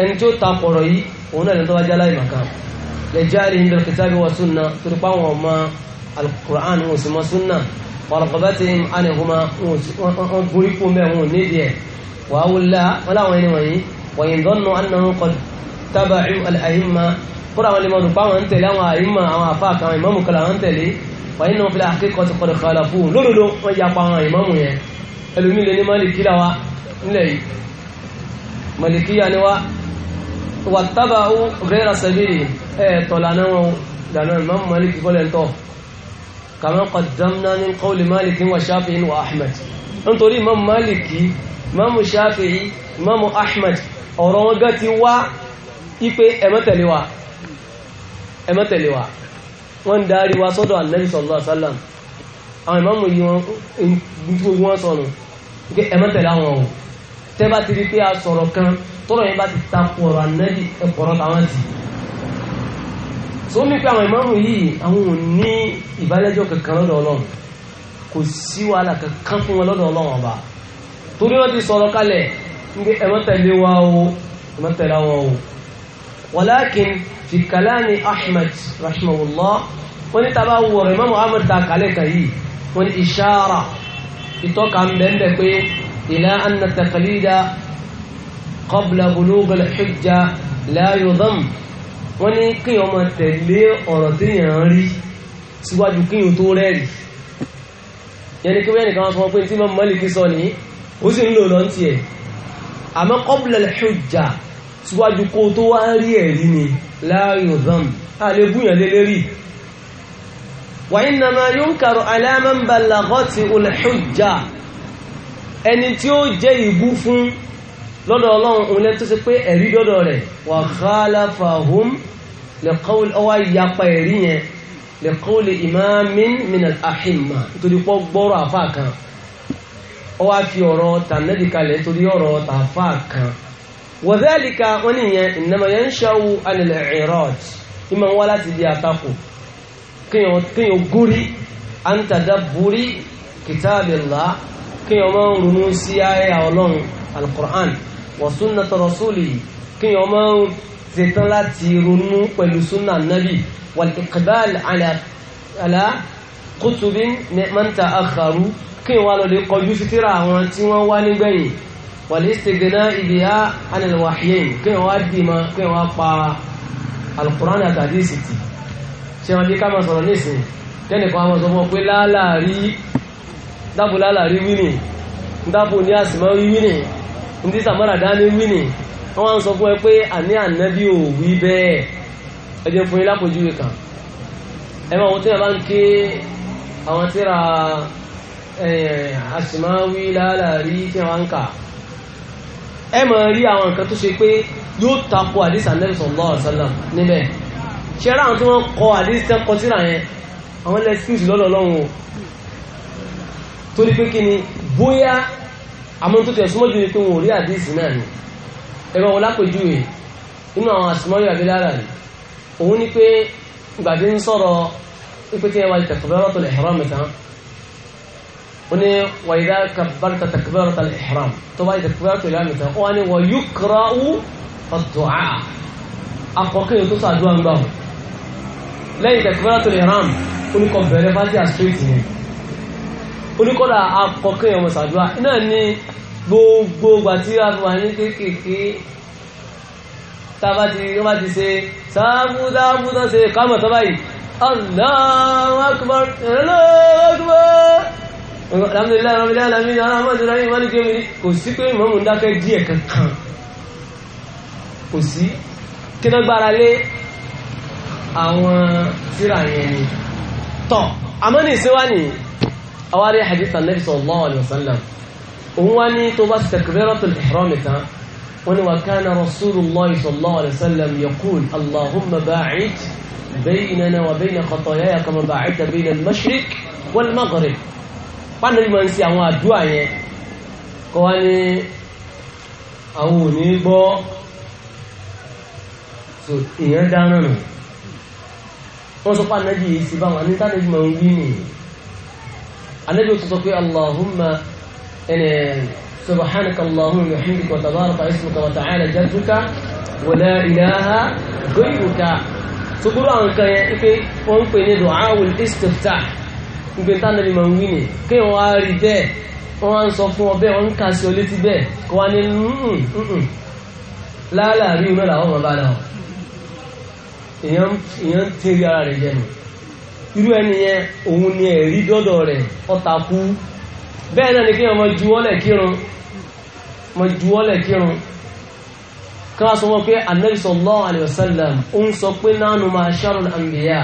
Speaker 1: ẹni tó ta kọ̀rọ̀ yìí òun náà ni tó bá jẹ́ aláìmọ̀ kan lè járe ní kìtàbí wa súnà torí páwọn ọmọ alukur'an wọn sì mọ súnà ọ̀rọ̀kọ̀bá ti ń anìkúmá wọn gúrí kú mẹ́ wọn nídìí ẹ̀ wà á wúlá wọn láwọn ẹni wọ̀nyí wọ̀nyí dọ́nà annáhùn kọ tábà ìlú alàhìmá kúrò àwọn limọ̀nù páwọn ń tẹ̀lé àwọn àhìmá àwọn àfa kan ìmọ̀mù kala wọn tẹ̀lé wọ̀nyí náà fìlà àkẹ́kọ̀ọ́ ti kọ̀dọ̀ kọ̀dọ̀ fún un wàtábàáwó gẹ́rà sẹ́bìrì ẹ̀ tọ̀lànà wọn dànù Imam Malik bọ́lẹ̀ ń tọ́ kàmá qaddamna min qawli Malik wa Shafi'i wa Ahmad nítorí Imam Malik Imam Shafi'i Imam Ahmad ọ̀rọ̀ wọn gá ti wá ipe ẹ̀mọ́tẹ̀lẹ̀ wọ́n ń wa sọ́dọ̀ Annabi tẹ́bá ti rí pé a sọ̀rọ̀ kan tọ́rọ̀ yẹn bá ti ta kù ọ̀rọ̀ ànẹ́bì ẹ̀kọ́rọ̀ táwọn ti so mi pé àwọn ìmáàmù yìí àwọn ò ní ìbálẹ́jọ́ kankan lọ́dọ̀ ọlọ́run kò sí wàhálà kankan fún wọn lọ́dọ̀ ọlọ́run ọba torí wọn ti sọ̀rọ̀ kalẹ̀ nígbà ẹ tẹ̀lé wa o ẹ tẹ̀lé wọn o walakin fi kalami ahmed rahimahullah wọn ní إلى أن التقليد قبل بلوغ الحجة لا يضم wọ́n ní kí wọ́n máa tẹ̀lé ọ̀rọ̀ tí yàn rí síwájú kí yàn tó rẹ́rì yẹni kí wọ́n nìkan sọ pé tí mọ́ mọ́lìkì sọ ní ó sì ń lò lọ́n ti ẹ̀ àmọ́ qabla al-hujja síwájú kó tó wá rí ẹ̀rí ni la yudham ẹni tí ó jẹ́ ìbú fún lọ́dọ̀ ọlọ́run òun lẹ́nu tó ṣe pé ẹ̀rí dọ́dọ̀ rẹ̀ wà khalafahum lẹ́kọ́wé ọwá ìyapa ẹ̀rí yẹn lẹ́kọ́wé imamin min al-ahimma nítorí pọ́ gbọ́rọ̀ àfa kan ọwá fi ọ̀rọ̀ tànẹ́dì kalẹ̀ kí ọmọ ń ronú sí àyà ọlọ́run alukur'an wa sunnata rasulihi kí ọmọ ń ṣetán láti ronú pẹ̀lú sunna nabi wal iqbal ala ala kutubin man ta'akharu kí wọ́n lọ lè kọjú sí tíra àwọn tí wọ́n wá nígbẹ̀yìn wal istighna biha anil wahyayn kí wọ́n dì mọ́ kí wọ́n pa alukur'an àti hadisi ṣé wọn bí ká máa sọ̀rọ̀ nísìnyí kẹ́nìkan àwọn sọ fún ọ pé láàlárí dábò lálàrí wíní dábò ní àsìmọ́ wíní ní sàmáràdá ní wíní wọ́n wá ń sọ fún ẹ pé àní ànábì ò wí bẹ́ẹ̀ ẹ jẹ́ fún yín lápòjúwe kan ẹ máa wọ́n tí wọ́n bá ń ké àwọn tíra àsìmáwí lálàrí tí wọ́n ń kà ẹ máa rí àwọn nǹkan tó ṣe pé yóò tako àdìsí ànábì sallallahu alaihi níbẹ̀ ṣe ara àwọn tí wọ́n kọ àdìsí tẹ́kọ síra yẹn àwọn lẹ́sìkìsì lọ́dọ̀ torí pé kí ni bóyá àmọ́ tó tẹ̀ súnmọ́ jù ní pé wọn ò rí àdíìsì náà ni ẹ̀rọ wọn lápèjúwe inú àwọn àsùnmọ́yọ̀ àbílára ni òun ni pé gbàdé ń sọ̀rọ̀ pípé tí ẹ wà takbiratul ihram tán ó ní wa idha kabbarta takbiratul ihram tó bá takbiratul ihram tán ó wà ní wa yukra'u ad-du'a akọ̀kẹ́ tó sàdúrà ń gbà lẹ́yìn takbiratul ihram ó ní kọ bẹ̀rẹ̀ fásitì àstúrìtì ni oníkọ́dà akọ̀kẹ́ ọmọ sàdúrà náà ní gbogbo ìgbà tí a wà ní kéékèèké tábà ti wọ́n bá ti ṣe sáàbùdáàbù náà ṣe kámọ̀ tó báyìí Allahu akbar Allahu akbar alhamdulilayi alhamdulilayi alhamdulilayi alhamdulilayi alhamdulilayi kò sí pé ìmọ̀mù ń dákẹ́ díẹ̀ kankan kò sí kí náà gbára lé àwọn síra ni awari hadith anabi sallallahu alayhi wa sallam òun wá ní tó bá takbiratul ihram tán wọ́n ní wa kana rasulullah sallallahu alayhi wa sallam yaqul allahumma ba'id baynana wa bayna khatayaya kama ba'idta bayna al-mashriq wal maghrib pàdé bí wọ́n ń ṣe àwọn àdúrà yẹn kọ́ wá ní àwọn so ìyẹn dáná nù wọ́n sọ pàdé yìí sí báwọn anítàdé bí wọ́n ń wí nìyí anabi ó ti sọ pé allahumma ẹnẹ subhanaka allahumma wa bihamdika wa tabaraka ismuka wa ta'ala jadduka wa la ilaha ghayruka sukuru àwọn kan yẹn ipe wọ́n ń pè ní du'awul istiftah ìgbé tá nàbí máa ń wí ni kí wọ́n á rí bẹ́ẹ̀ wọ́n sọ fún ọ bẹ́ẹ̀ wọ́n ń kà sí ọ létí bẹ́ẹ̀ kó wá ní nùnùn láàlàrí iná làwọn ọmọ bá dà ọ èèyàn ń tẹ̀lé ara rẹ̀ jẹ́ nù irú ẹni yẹn òun ni ẹ̀rí dọ́dọ̀ rẹ̀ ọ̀tàkú bẹ́ẹ̀ náà ni kí wọ́n juwọ́lẹ̀ kírun wọ́n juwọ́lẹ̀ kírun kí wọ́n sọ wọ́n pé anabi sallallahu alayhi wa sallam ó ń sọ pé nánú máa sharul anbiya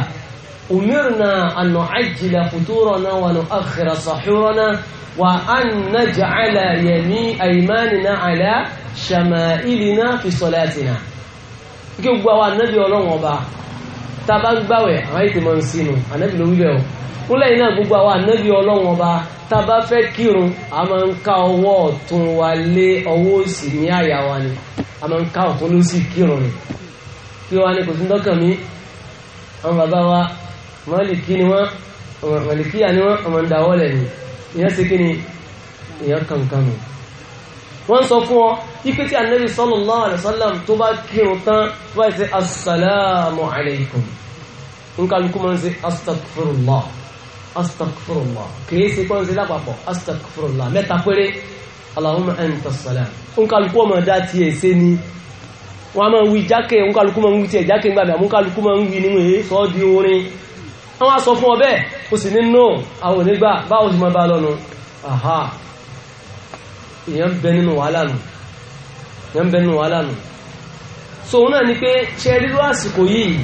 Speaker 1: أمرنا أن نعجل فطورنا ونؤخر سحورنا وأن نجعل يمين أيماننا على شمائلنا في صلاتنا. gbogbo àwọn ànábì Ọlọ́run ọba tá a bá ń gbàwẹ̀ àwọn ètò máa ń sínú ànábì ló wíbẹ̀ gbogbo àwọn ànábì ọlọ́wọ́n ọba tá a bá fẹ́ kírun a máa ń ká ọwọ́ ọ̀tún wa lé ọwọ́ òsì ní àyà wa ni a máa ń ká ọ̀tún ló sì kírun ni kí wọ́n á kò sí dọ́kàn mí àwọn bàbá wa mọ́lìkí ni wọ́n mọ̀lìkíyà ni wọ́n ọmọ ń dáwọ́lẹ̀ ni ìyẹn ṣe kí ni ìyẹn kankan nù wọ́n sọ fún ọ ipé tí anabi sallallahu alaihi wasallam tó bá kírun tán tó bá ṣe asalaamu alaykum nkàlùkù máa ń ṣe astagfirullah astagfirullah kìí ṣe kọ́ ń ṣe lápapọ̀ astagfirullah mẹ́ta èèyàn bẹ nínú wàhálà nù èèyàn bẹ nínú wàhálà nù so òun náà ni pé ṣe rírú àsìkò yìí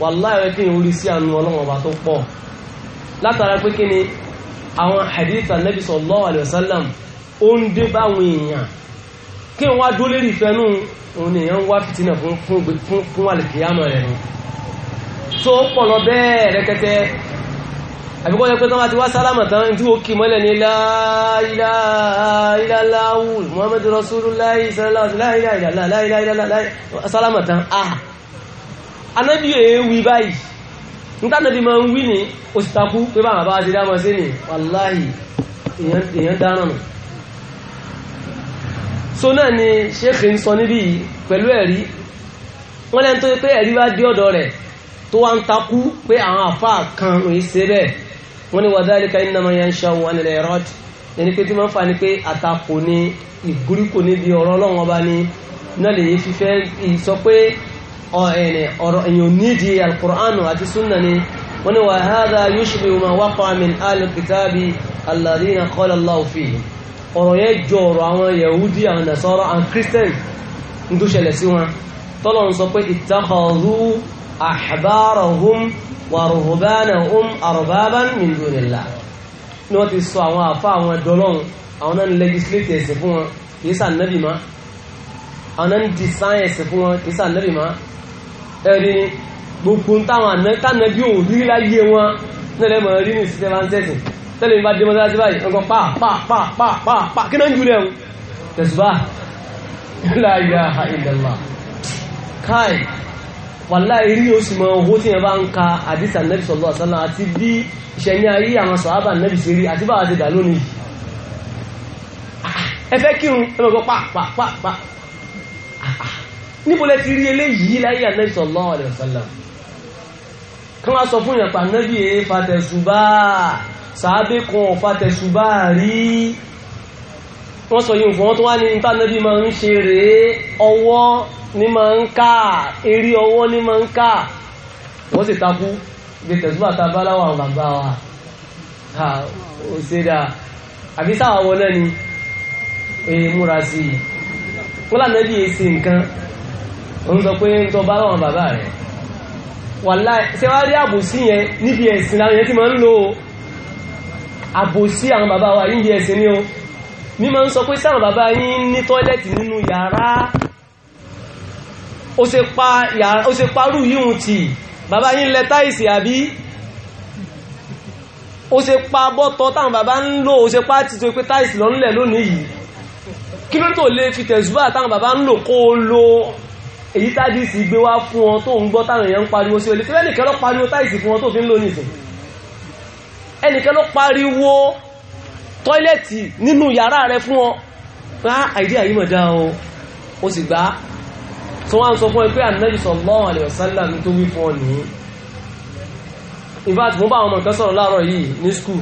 Speaker 1: wàláhì rẹ kí n orí sí àánú ọlọ́wọ́n ọba tó pọ̀ látara pé kí ni àwọn hadith anabi sallallahu alayhi wa ó ń dé báwọn èèyàn kí n wá dúró lérí ìfẹ́ nù òun ni èèyàn wá fìtínà fún fún fún àlìkìyàmọ̀ rẹ̀ nù tó pọ̀ lọ bẹ́ẹ̀ rẹ́kẹ́tẹ́ àbí kọ́ yẹ pé tán bá ti wá sálámà tán tí ó mọ́lẹ̀ ní la rasulullah la ilaha illallah la ilaha illallah sálámà tán ah anábí èéwì báyìí nítànàbí ma ń wí ní òsìtakú pé bá àbá ti dámọ́ sí ní wàláhì èèyàn so ni sheikh ń sọ níbí pẹ̀lú ẹ̀rí wọ́n lẹ́nu tó pé ẹ̀rí wá dé ọ̀dọ̀ wọ́n ní wàdálíkà innama yansha'u anil irad ẹni pé tí wọ́n fà ní pé àtakò ní ìgúríkò níbi ọ̀rọ̀ ọlọ́run ọba ni náà lè yé fífẹ́ sọ pé ọ̀rọ̀ èèyàn nídìí alkùránù àti súnà ni wọ́n ní wa hadha yushbihu ma waqa'a min al-kitabi alladhina qala ọ̀rọ̀ yẹn jọ ọ̀rọ̀ àwọn yahudi àwọn nasara àwọn christian ń tó sí wọn tọ́lọ̀ warhubanahum arbaban min dunillah ni wọ́n ti sọ àwọn àfa àwọn ẹ̀dọ́lọ́hún àwọn náà ń legislate ẹ̀sìn fún wọn kì í sànẹ́bì má àwọn náà ń design ẹ̀sìn fún wọn kì í sànẹ́bì má ẹ̀rí gbogbo táwọn ànẹ́kànẹ́bí òun rí láyé wọn nílẹ̀ mọ̀ rí ní ìsìtẹ́ bá ń tẹ̀sìn tẹ́lẹ̀ bá dẹ́mọ́ láti báyìí ọkọ̀ pa pa pa pa pa pa kí náà ń jùlẹ̀ ẹ̀hún tẹ̀sùbá la ilaha illallah káì wàlá eré oṣù mọ owó tí yẹn bá ń ka àdìsá nẹ́bí sọ̀lọ́ ọ̀sánà àti bí ìṣẹ̀yìn ayé àwọn sọ̀hábà nẹ́bí ṣe rí àti bá àti dà lónìí ẹ fẹ́ kírun ẹ mọ̀ pé pàpàpàpà níbo lẹ ti rí eléyìí láyé ànẹ́bí sọ̀lọ́ ọ̀sánà kí wọ́n sọ fún ìyàpá nẹ́bí fatẹ̀sùbá sàábẹ́kùn fatẹ̀sùbá rí wọ́n sọ yìí fún wọn tó wá ní ìtànàbí ma ń ṣe rèé ọwọ́ ní ma ń ká eré ọwọ́ ní ma ń ká wọ́n sì takú bí tẹ̀síwá ta bá láwọn bàbá wa ha ó ṣe dà àbí sáwà wọn ni èyí múra sí i wọ́n lànà bí èsì nǹkan òun sọ pé ń tọ́ bá láwọn bàbá rẹ̀ wàláì ṣé wàá rí àbòsí yẹn níbi ẹ̀sìn làwọn yẹn ti máa ń lo àbòsí àwọn bàbá wa yìí ń ẹ̀sìn ni o ní ma ń sọ pé sáwọn bàbá yín ní tọ́lẹ̀tì nínú yàrá ó ṣe parú yíhun tì bàbá yín lẹ táìsì àbí ó ṣe pa bọ́tọ̀ táwọn bàbá ń lò ó ṣe pa ti tó pé táìsì lọ́nlẹ̀ lónìí yìí kí ló tó lè fi tẹ̀sùbà táwọn bàbá ń lò kó o lo èyí táìsì gbé wá fún ọ tó ń gbọ́ táwọn èèyàn ń pariwo tọ́ílẹ̀tì nínú yàrá rẹ fún ọ pé àìdíà ah, yìí mọ̀ dá o ó sì gbá tó wá ń sọ fún ẹ pé ànábì sallallahu alaihi wasallam tó wí fún ọ nìyí in fact mo bá àwọn ọmọ nǹkan sọ̀rọ̀ láàárọ̀ yìí ní school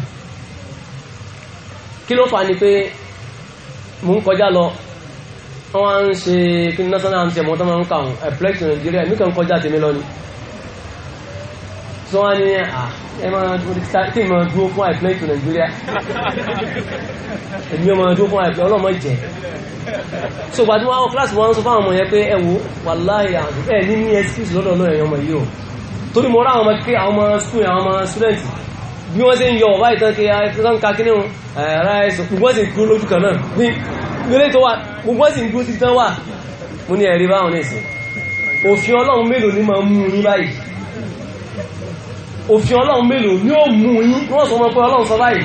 Speaker 1: kí ló fà ní pé mo ń kọjá lọ wọ́n ń ṣe kí national anthem wọ́n tó máa ń kà tó wá ní ah, ẹ máa tí ì máa dúró fún àìpẹ́ ètò nàìjíríà èmi ọmọ dúró fún àìpẹ́ ọlọ́mọ jẹ so gbàdúrà wọn kíláàsì wọn sọ fáwọn ọmọ yẹn pé ẹ wò wàláhì ẹ ní ní excuse lọ́dọ̀ náà ẹ̀yàn ọmọ yìí o torí mo rá àwọn ọmọ kí àwọn ọmọ school àwọn ọmọ student bí wọ́n ṣe ń yọ ọ̀bá ìtàn kí wọ́n ka kíní wọn ẹ̀rá ẹ̀sọ̀ gbogbo sì ń dúró lójú kan náà ní ilé tó wà gbogbo sì ń dúró sí tán wà mo ní ẹ̀rí báwọn ní ìsìn òfin ọlọ́run mélòó ni máa ń mú un ní báyìí òfin ọlọ́run mélòó ní ó mú yín wọ́n sọ mọ́ pé ọlọ́run sọ báyìí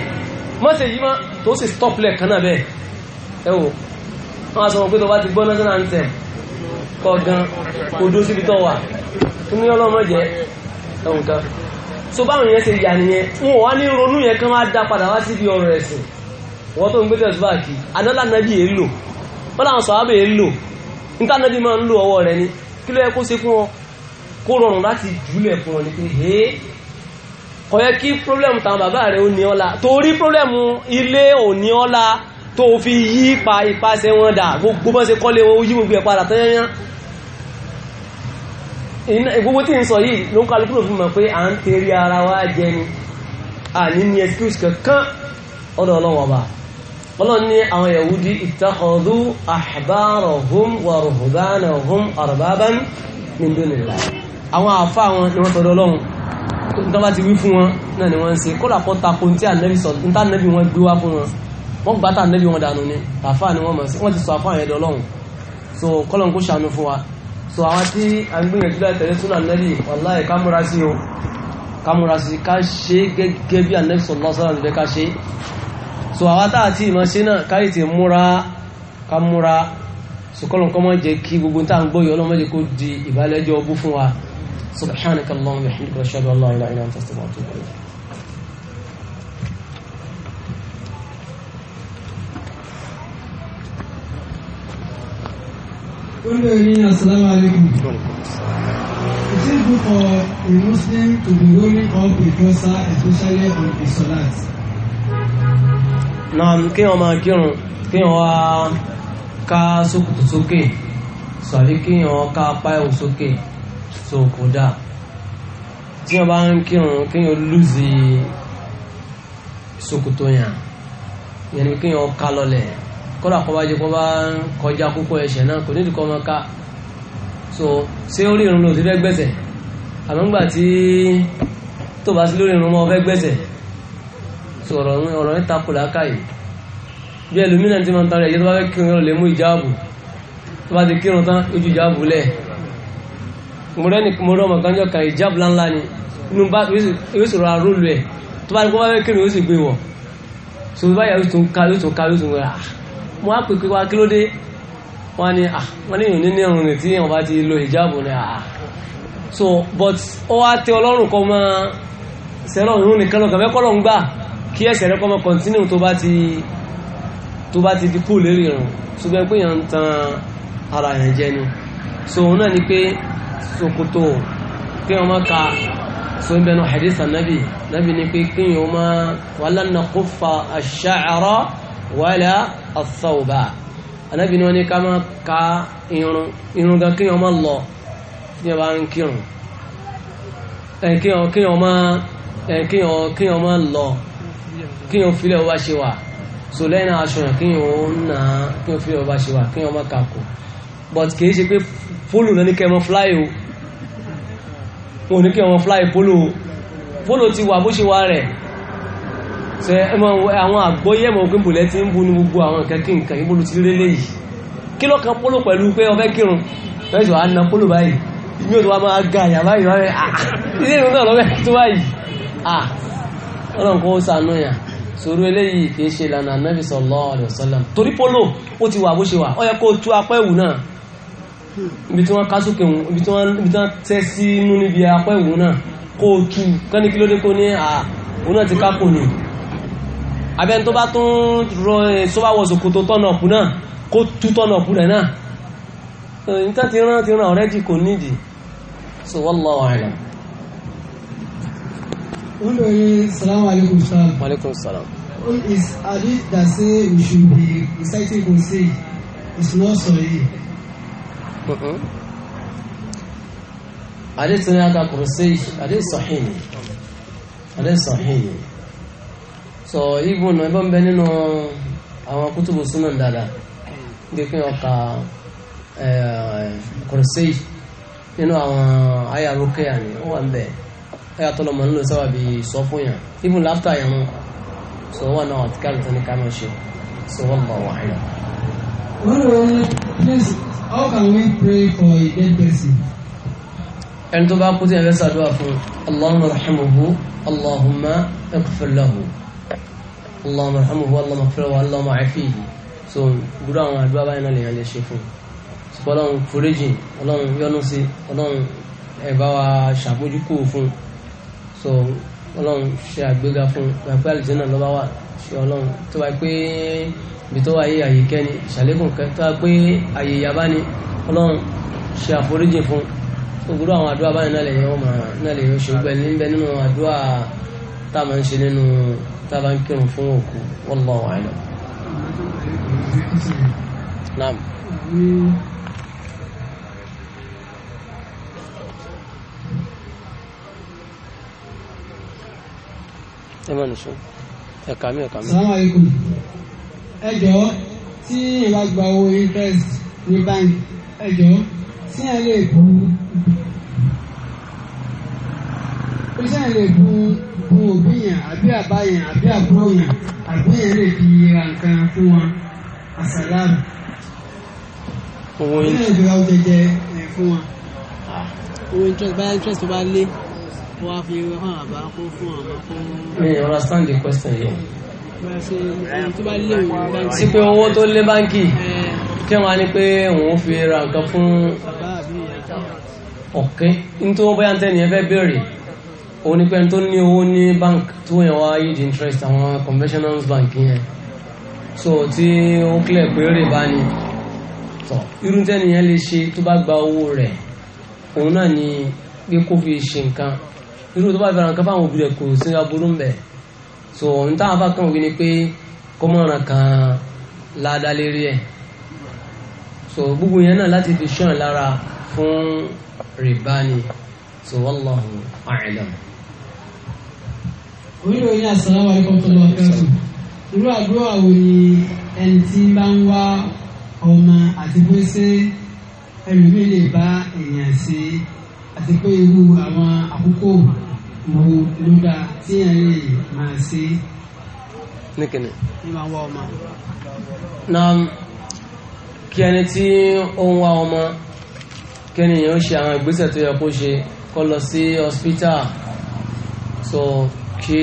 Speaker 1: mọ́ sí èyí má tó sì stop lẹ́ẹ̀kan náà bẹ́ẹ̀ ẹ wọ́n sọ pé tó bá ti gbọ́ national anthem kọ gan odó síbi tó wà ní ọlọ́run jẹ́ so báwọn yẹn ṣe yà nìyẹn wọn wá ní ronú yẹn wá dá padà wá síbi ẹ̀sìn wọ́n tó ń gbé adọ́là nàbì lò wọ́n làwọn sọ ni kí ló yẹ ọ kó rọrùn láti jùlẹ̀ fún ọ kò yẹ kí problem tàwọn bàbá rẹ̀ ó ní ọ́la torí problem ilé ò ní ọ́la tó fi yí pa ìpasẹ̀ wọn dà gbogbo bọ́n ṣe kọ́lé wọn ó yí gbogbo ẹ̀ padà tán tí ń sọ yìí ló ń kálukú mọ̀ pé à ń tẹ̀rí ara wa jẹ ni a ní ní excuse kankan ọ̀dọ̀ ọlọ́wọ́ ọba ọlọ́run tó bá ti wí fún wọn náà ni wọ́n ń ṣe kọ́lá kọ́ ta kun tí ànẹ́bí sọ ní tá ànẹ́bí wọn gbé wá fún wọn wọ́n gbá tá ànẹ́bí wọn dànù ni àfa ni wọ́n mọ̀ sí wọ́n ti sọ àfa yẹn dọ́lọ́hùn so kọ́lọ́n kó ṣàánú fún wa so àwọn tí a ń tẹ̀lé súnà ànẹ́bí wàláhì ká sí o ká múra sí ká ṣe gẹ́gẹ́ bí ànẹ́bí sọ lọ́sọ̀rọ̀ níbẹ̀ ká ṣe so àwa tá àti ìmọ̀ ṣe náà ká ètè múra ká múra so kọ́lọ́n kọ́ mọ́ jẹ́ kí gbogbo tá à ń gbọ́ yọ ọlọ́mọ jẹ́ kó di ìbálẹ́jọ́ ọbú fún wa. سبحانك اللهم وبحمدك واشهد ان لا اله الا انت استغفرك واتوب اليك
Speaker 2: Wondering, Is good for a Muslim to be rolling up a dosa, especially on the Salat?
Speaker 1: Naam, kí wọ́n máa kírun, kí wọ́n wá ká sókè, sàbí kí wọ́n ká páyọ̀ sókè so kò dáa tí wọ́n bá ń kírun kéèyàn lùzì ṣòkòtò yàn yẹn ni kéèyàn ká lọlẹ̀ kọ́dà kọ́ bá bá ń kọjá kókó ẹsẹ̀ náà kò nídìí kọ́ máa ká so ṣé ó rí irun lò sí fẹ́ gbẹ̀sẹ̀ àmọ́ ńgbà tí tó bá sí lórí irun mọ́ fẹ́ gbẹ̀sẹ̀ so ọ̀rọ̀ ọ̀rọ̀ ní takò lákàyè bí ẹlòmíràn ti máa ń tarẹ̀ yẹ tó bá fẹ́ kírun yọ lè mú ìjáàbù tó bá ti kírun tán ojú ìjáàbù lẹ̀ mọ̀rẹ́nì mọ̀rẹ́ ọmọ kan jọ kan ìjáàbù láńlá ni inú bá yóò sì rọra rólù ẹ̀ tó bá ní kó bá fẹ́ kírun yóò sì gbé wọ̀ so báyà yóò tún ká yóò tún ká yóò tún wẹ̀ ah, mo á pèpè wá kí ló dé wọ́n ní à ah, wọ́n ní ìrìn nínú ìrìn tí wọ́n bá ti lo ìjáàbù ni ah, so but ó wá tẹ ọlọ́run kọ́ mọ́ sẹ́rọ̀ ìrún nìkan lọ́gàn mẹ́kọ́ lọ́n gbà kí ẹsẹ̀ rẹ kọ́ mọ́ so òun náà ni pé ṣòkòtò kí wọ́n ka so ń bẹnu hadith anabi nabi ni pé kí wọ́n máa wàlá na kófà aṣáára wàlá asọ́ọ̀bà anabi ni wọ́n ní ká máa ka irun irun gan kí wọ́n máa lọ tí wọ́n bá ń kírun kí wọ́n kí wọ́n máa kí wọ́n kí wọ́n máa lọ kí wọ́n filẹ̀ wá ṣe wà so lẹ́yìn aṣọ yẹn kí wọ́n ń nà kí wọ́n filẹ̀ wá ṣe wà kí wọ́n máa kà kù but kì í ṣe pé fólò náà ní kẹ́ wọn fly o wọn ò ní kẹ́ wọn fly polo o fólò ti wà bó ṣe wà rẹ̀ ṣe àwọn àgbóyé ẹ̀mọ̀ ògbé mbòlẹ́ ti ń bu ní gbogbo àwọn nǹkan kí nǹkan ìbòlù ti rélé yìí kí ló kan polo pẹ̀lú pé ọfẹ́ kírun fẹ́ sọ àna polo báyìí mi ò tó wá máa ga àyà báyìí wá rẹ̀ ah, ah, ilé ìrún náà lọ́wọ́ tó báyìí ah ọlọ́run kó sànú yàn sòrò eléyìí kì í ṣe ìlànà anábì sallallahu alaihi wasallam ó ti wà bó ṣe wà ó kó tú apẹ́ ìwù náà ibi tí wọ́n ká sókè wọn ibi tí wọ́n tẹ́ sí inú níbi apá ìwò náà kó o tú kán ní kí ló dé kó ní àwọn náà ti ká kò ní abẹ́ni tó bá tún rọ sọ́bàwọ̀sọ̀ kò tó tọ́nà ọ̀pù náà kó tú tọ́nà ọ̀pù rẹ̀ náà nǹkan ti rán ti rán ọ̀rẹ́dì kò nídìí so wallahu a'lam. Olórí Salaam alaikum salam. Alaikum salam.
Speaker 2: Is hadith that say we should be
Speaker 1: reciting Qur'an is not sahih. Mm-hmm. hadithi ni aka kursi hadithi sahihi hadithi so even ebe mbe ninu àwọn kútùbù suna dada nígbè kí wọn ka ninu nínú àwọn àyà rúkẹyà ni ó wà mbẹ àyà tó lọ mọ nínú sọ fún so wọn na àti káàdì tó so wọn bá wọ́n How can we pray for a dead person? ẹni tó bá kú tí ẹ̀fẹ́ sàdúrà fún Allahumma rahimuhu Allahumma ighfir Allahumma rahimuhu Allahumma ighfir Allahumma afihi so gbúdọ̀ àwọn àdúrà báyìí náà lèyàn lè ṣe fún ṣùgbọ́n ọlọ́run foríjìn ọlọ́run yọ́nú sí ọlọ́run ẹ̀bá wa ṣàbójúkú fún so ọlọ́run ṣe àgbéga fún gbàgbé àlùjẹ́ náà lọ́ba wà ṣe ọlọ́run tó wáyé pé ibi tó wáyé àyè kẹ́ni ṣàlékún kẹ́ tó wá pé àyè ìyàbá ni ọlọ́run ṣe àforíjì fún ògúrú àwọn àdúrà báyìí náà lèyìn ọmọ náà lèyìn oṣù gbẹ níbẹ̀ nínú àdúrà tá a máa ń ṣe nínú tá a bá ń kírun fún òkú wallahu a'lam. naam. ẹ máa nìṣó ẹ̀ka mi ẹ̀ka mi. salaam aleykum
Speaker 2: ẹ jọ̀ọ́ tí ìwà gba owó interest ní bank ẹ jọ̀ọ́ tí ẹ lè bu iṣẹ́ ẹ lè bu bu òbí yẹn àbí àbá yẹn àbí àbúrò yẹn àbí yẹn lè fi ra nǹkan fún wọn àsàlámù
Speaker 3: owó yẹn ṣe ìjọba jẹjẹ
Speaker 2: ẹ fún wọn. Ah, owó interest báyà interest bá lé wọ́n á fi hàn àbá kó fún àbá
Speaker 1: kó. mi ò understand the question yẹn sí pé owó tó lé báńkì kí wọ́n á ní pé òun fi ra nǹkan fún ọ̀kẹ́ nítorí wọ́n bóyá ń tẹ́ni ẹ fẹ́ bèèrè òun ni pé ẹni tó ní owó ní bank tó yẹn wá yídi interest àwọn conventional bank yẹn so tí ó clear pé rè bá ní tọ̀ irú tẹ́ni yẹn lè ṣe tó bá gba owó rẹ̀ òun náà ni pé kó fi ṣe nǹkan irú tó bá fẹ́ràn nǹkan fáwọn òbí rẹ̀ kò sí aburú ń bẹ̀ẹ́ so ohun táwọn bá kàn wí ni pé kó mọ̀ràn kan ládàá lérí ẹ̀ so gbogbo yẹn náà láti fi ṣọ́n lára fún rìbá ni so wallahu a'lam.
Speaker 2: orílẹ̀ oyin assalamu alaikum tó lọ kẹ́kọ̀ọ́ irú àdúrà wo ni ẹni tí bá ń wá ọmọ àti pé ṣé ẹlòmíì lè bá èèyàn ṣe àti pé irú àwọn àkókò mo ló dá tí
Speaker 1: yẹn lè máa ṣe. ní kìnnì. ní máa wá ọmọ. na kí ẹni tí ó ń wá ọmọ kí ẹni yẹn ó ṣe àwọn ìgbésẹ̀ tó yẹ kó ṣe kó lọ sí hospital so kí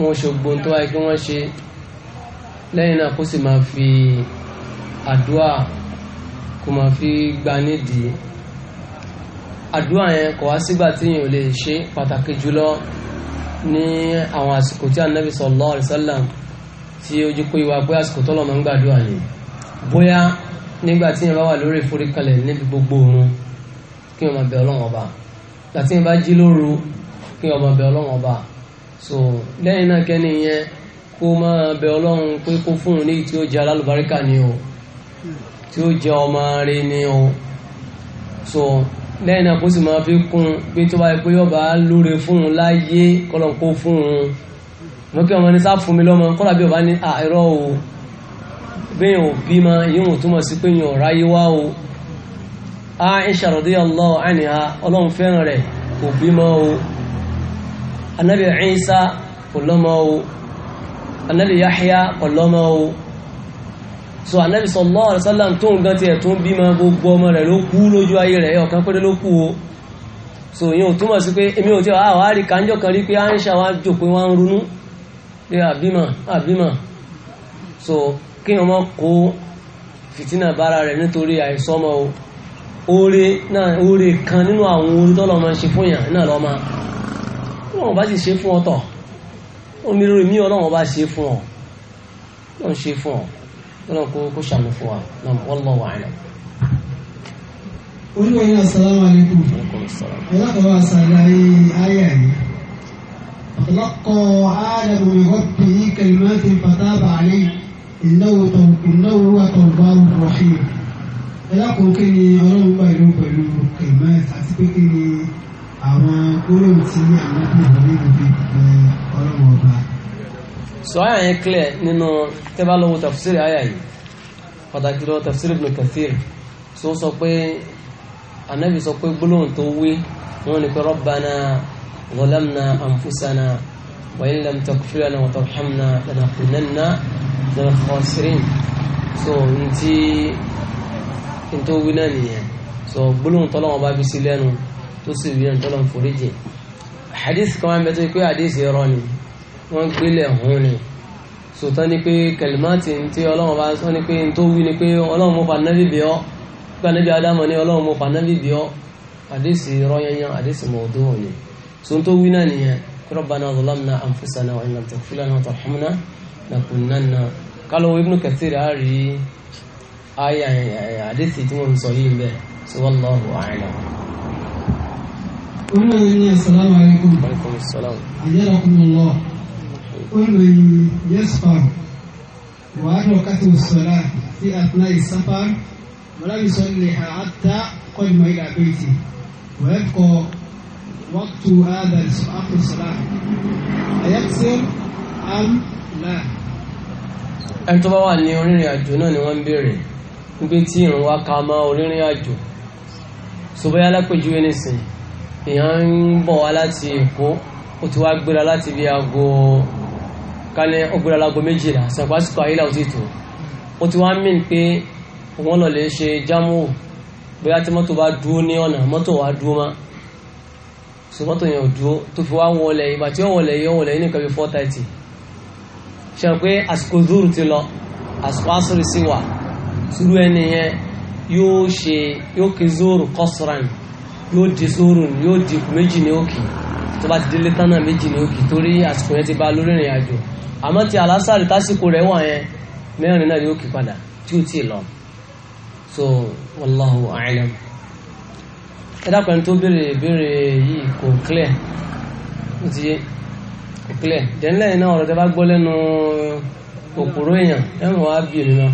Speaker 1: wọ́n ṣògbó tó wáyé kí wọ́n ṣe lẹ́yìn náà kó sì máa fi àdúrà kó máa fi gbanídìí àdúrà yẹn kò wá sígbà tí yìí ò lè ṣe pàtàkì jùlọ ní àwọn àsìkò tí anabi sallallahu alaihi wasallam tí ó jí pé ìwà pé àsìkò tọ́lọ̀ máa ń gbàdúrà yìí bóyá nígbà tí yẹn bá wà lórí ìforíkalẹ̀ níbi gbogbo òun kí wọn máa bẹ ọlọ́wọ́n ọba ìgbà tí bá jí lóru kí wọn máa bẹ ọlọ́wọ́n ọba so lẹ́yìn náà kẹ́ni yẹn kó máa bẹ ọlọ́run pé kó fún un ní tí ó jẹ alálùbáríkà ni o tí ó jẹ ọmọ rẹ ni o so lẹ́yìn náà kó sì máa fi kún pé tó bá yẹ pé yọba lóore fún un láyé kọlọ̀kó fún un mo kí ọmọ ní sá fún mi lọ́mọ kọ́lá bí ọba ní àìrọ́ o bẹ́ẹ̀ ò bímọ yíò túmọ̀ sí pé yàn ráyé wá o Aisha radiyallahu anha ọlọ́run fẹ́ràn rẹ̀ kò bímọ o Anabi Isa kò lọ́mọ o Anabi Yahya kò lọ́mọ o so anabi sallallahu alaihi wasallam tó ń gan tiẹ̀ tó ń bímọ gbogbo ọmọ rẹ̀ ló kú lójú ayé rẹ̀ ọ̀kan péré ló kú o so yóò túmọ̀ sí pé èmi ò tí wàá wàá rí kanjọ́ kan rí pé à ń ṣàwọn àjòpé wọn ń runú pé àbímọ àbímọ so kí wọn mọ kó fìtínà bára rẹ̀ nítorí àìsọmọ o oore náà oore kan nínú àwọn oore tọ́lọ́ máa ń ṣe fún yàn náà lọ́mọ wọn ò bá sì ṣe fún ọ tọ̀ omi lórí mi ọlọ́wọ́n bá ṣe fún ọ lọ́n ṣe fún ọ ọlọ́run kó kó ṣàánú fún wa náà wallahu a'lam.
Speaker 2: olúwa yín asalaamu alaykum ọlọ́kọ̀ọ́ àṣàlàyé ayé yìí ọ̀pọ̀lọpọ̀ ádámù ìhọ́pì kẹlẹ́mẹ́tì fataba alayhi ìnáwó ìnáwó àtọ̀gbà rahim ẹlẹ́kùn kí ni ọlọ́run gbà ìlú pẹ̀lú kẹlẹ́mẹ́tì àti pé ọba
Speaker 1: so àyà yẹn clear nínú tẹ́bá lọ́wọ́ tafsir àyà yìí pàtàkì lọ́wọ́ tafsir ibn kathir so sọ pé anabi sọ pé gbólóhùn tó wí wọn ni pé rabbana zalamna anfusana wa in lam taghfir lana wa tarhamna lanakunanna min al-khasirin so ntí ntó wí náà nìyẹn so gbólóhùn tọ́lọ́wọ́ bá bí sí lẹ́nu tó sì wí náà tọ́lọ́wọ́ foríjì hadith kan wá ń bẹ tó yẹ pé hadith yẹn rọ ni wọ́n gbélẹ̀ hún ni sòtán ni pé kẹlìmáàtì tí ọlọ́run bá sọ ni pé n tó wí ni pé ọlọ́run mo fà nábì bí ọ́ gbà nábì adámọ̀ ni ọlọ́run mo fà nábì bí ọ́ àdéṣì rọ́yányán àdéṣì mọ̀ọ́dún òní sòtán tó wí náà nìyẹn ربنا ظلمنا أنفسنا وإن لم تغفر لنا وترحمنا لنكونن قالوا ابن كثير ari aya àdéhìí tí wọ́n sọ yìí bẹ́ẹ̀ sí wọ́n lọ́ wọ àìlọ́.
Speaker 2: أمري يسفر وأدركت الصلاة في أثناء السفر ولم يصلح حتى قدم إلى بيته ويبقى وقت هذا آخر الصلاة
Speaker 1: أيكسر أم لا ẹni tó bá wà ní onírìn àjò náà ni wọ́n ń béèrè níbi tí ìrun wa ka máa onírìn àjò ṣùgbọ́n alápèjúwe nísìn èèyàn ń bọ̀ wá láti Èkó ó ti wá gbéra láti bí aago ká ní ọgbọ́n alágo méjìlá sẹ̀kọ́ àsìkò ayé làwọn ti tò ó ti wá ń mìn pé wọ́n lọ lè ṣe jámù bóyá tí mọ́tò bá dúró ní ọ̀nà mọ́tò wá dúró má so mọ́tò yẹn ò dúró tó fi wá wọlé ìgbà tí ó wọlé yìí ó wọlé nìkan bí four thirty ṣe pé àsìkò zuru ti lọ àsìkò asiri sí wà sùúrù ẹni yẹn yóò ṣe yóò kí zuru kọ́sùrán yóò di zuru yóò di méjì ní òkè. Okay tó bá ti délé tánà méjì ní òkè torí àsìkò yẹn ti bá lórí ìrìn àjò àmọ́ ti àlásàrì tásìkò rẹ̀ wà yẹn mẹ́rin náà yóò kí padà tí ó ti lọ so wallahu a'lam ẹ dákun tó béèrè ìbéèrè yìí kò clear ó ti kò clear dẹ́nlẹ́ iná ọ̀rọ̀ tẹ́ bá gbọ́ lẹ́nu òpòrò èèyàn ẹ̀wọ̀n á bí èmi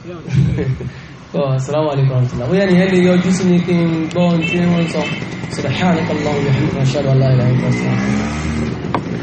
Speaker 1: السلام عليكم ورحمة الله ويعني هل يوجسني كين بون تين وانصر سبحانك اللهم وبحمدك أشهد أن لا إله إلا أنت أستغفرك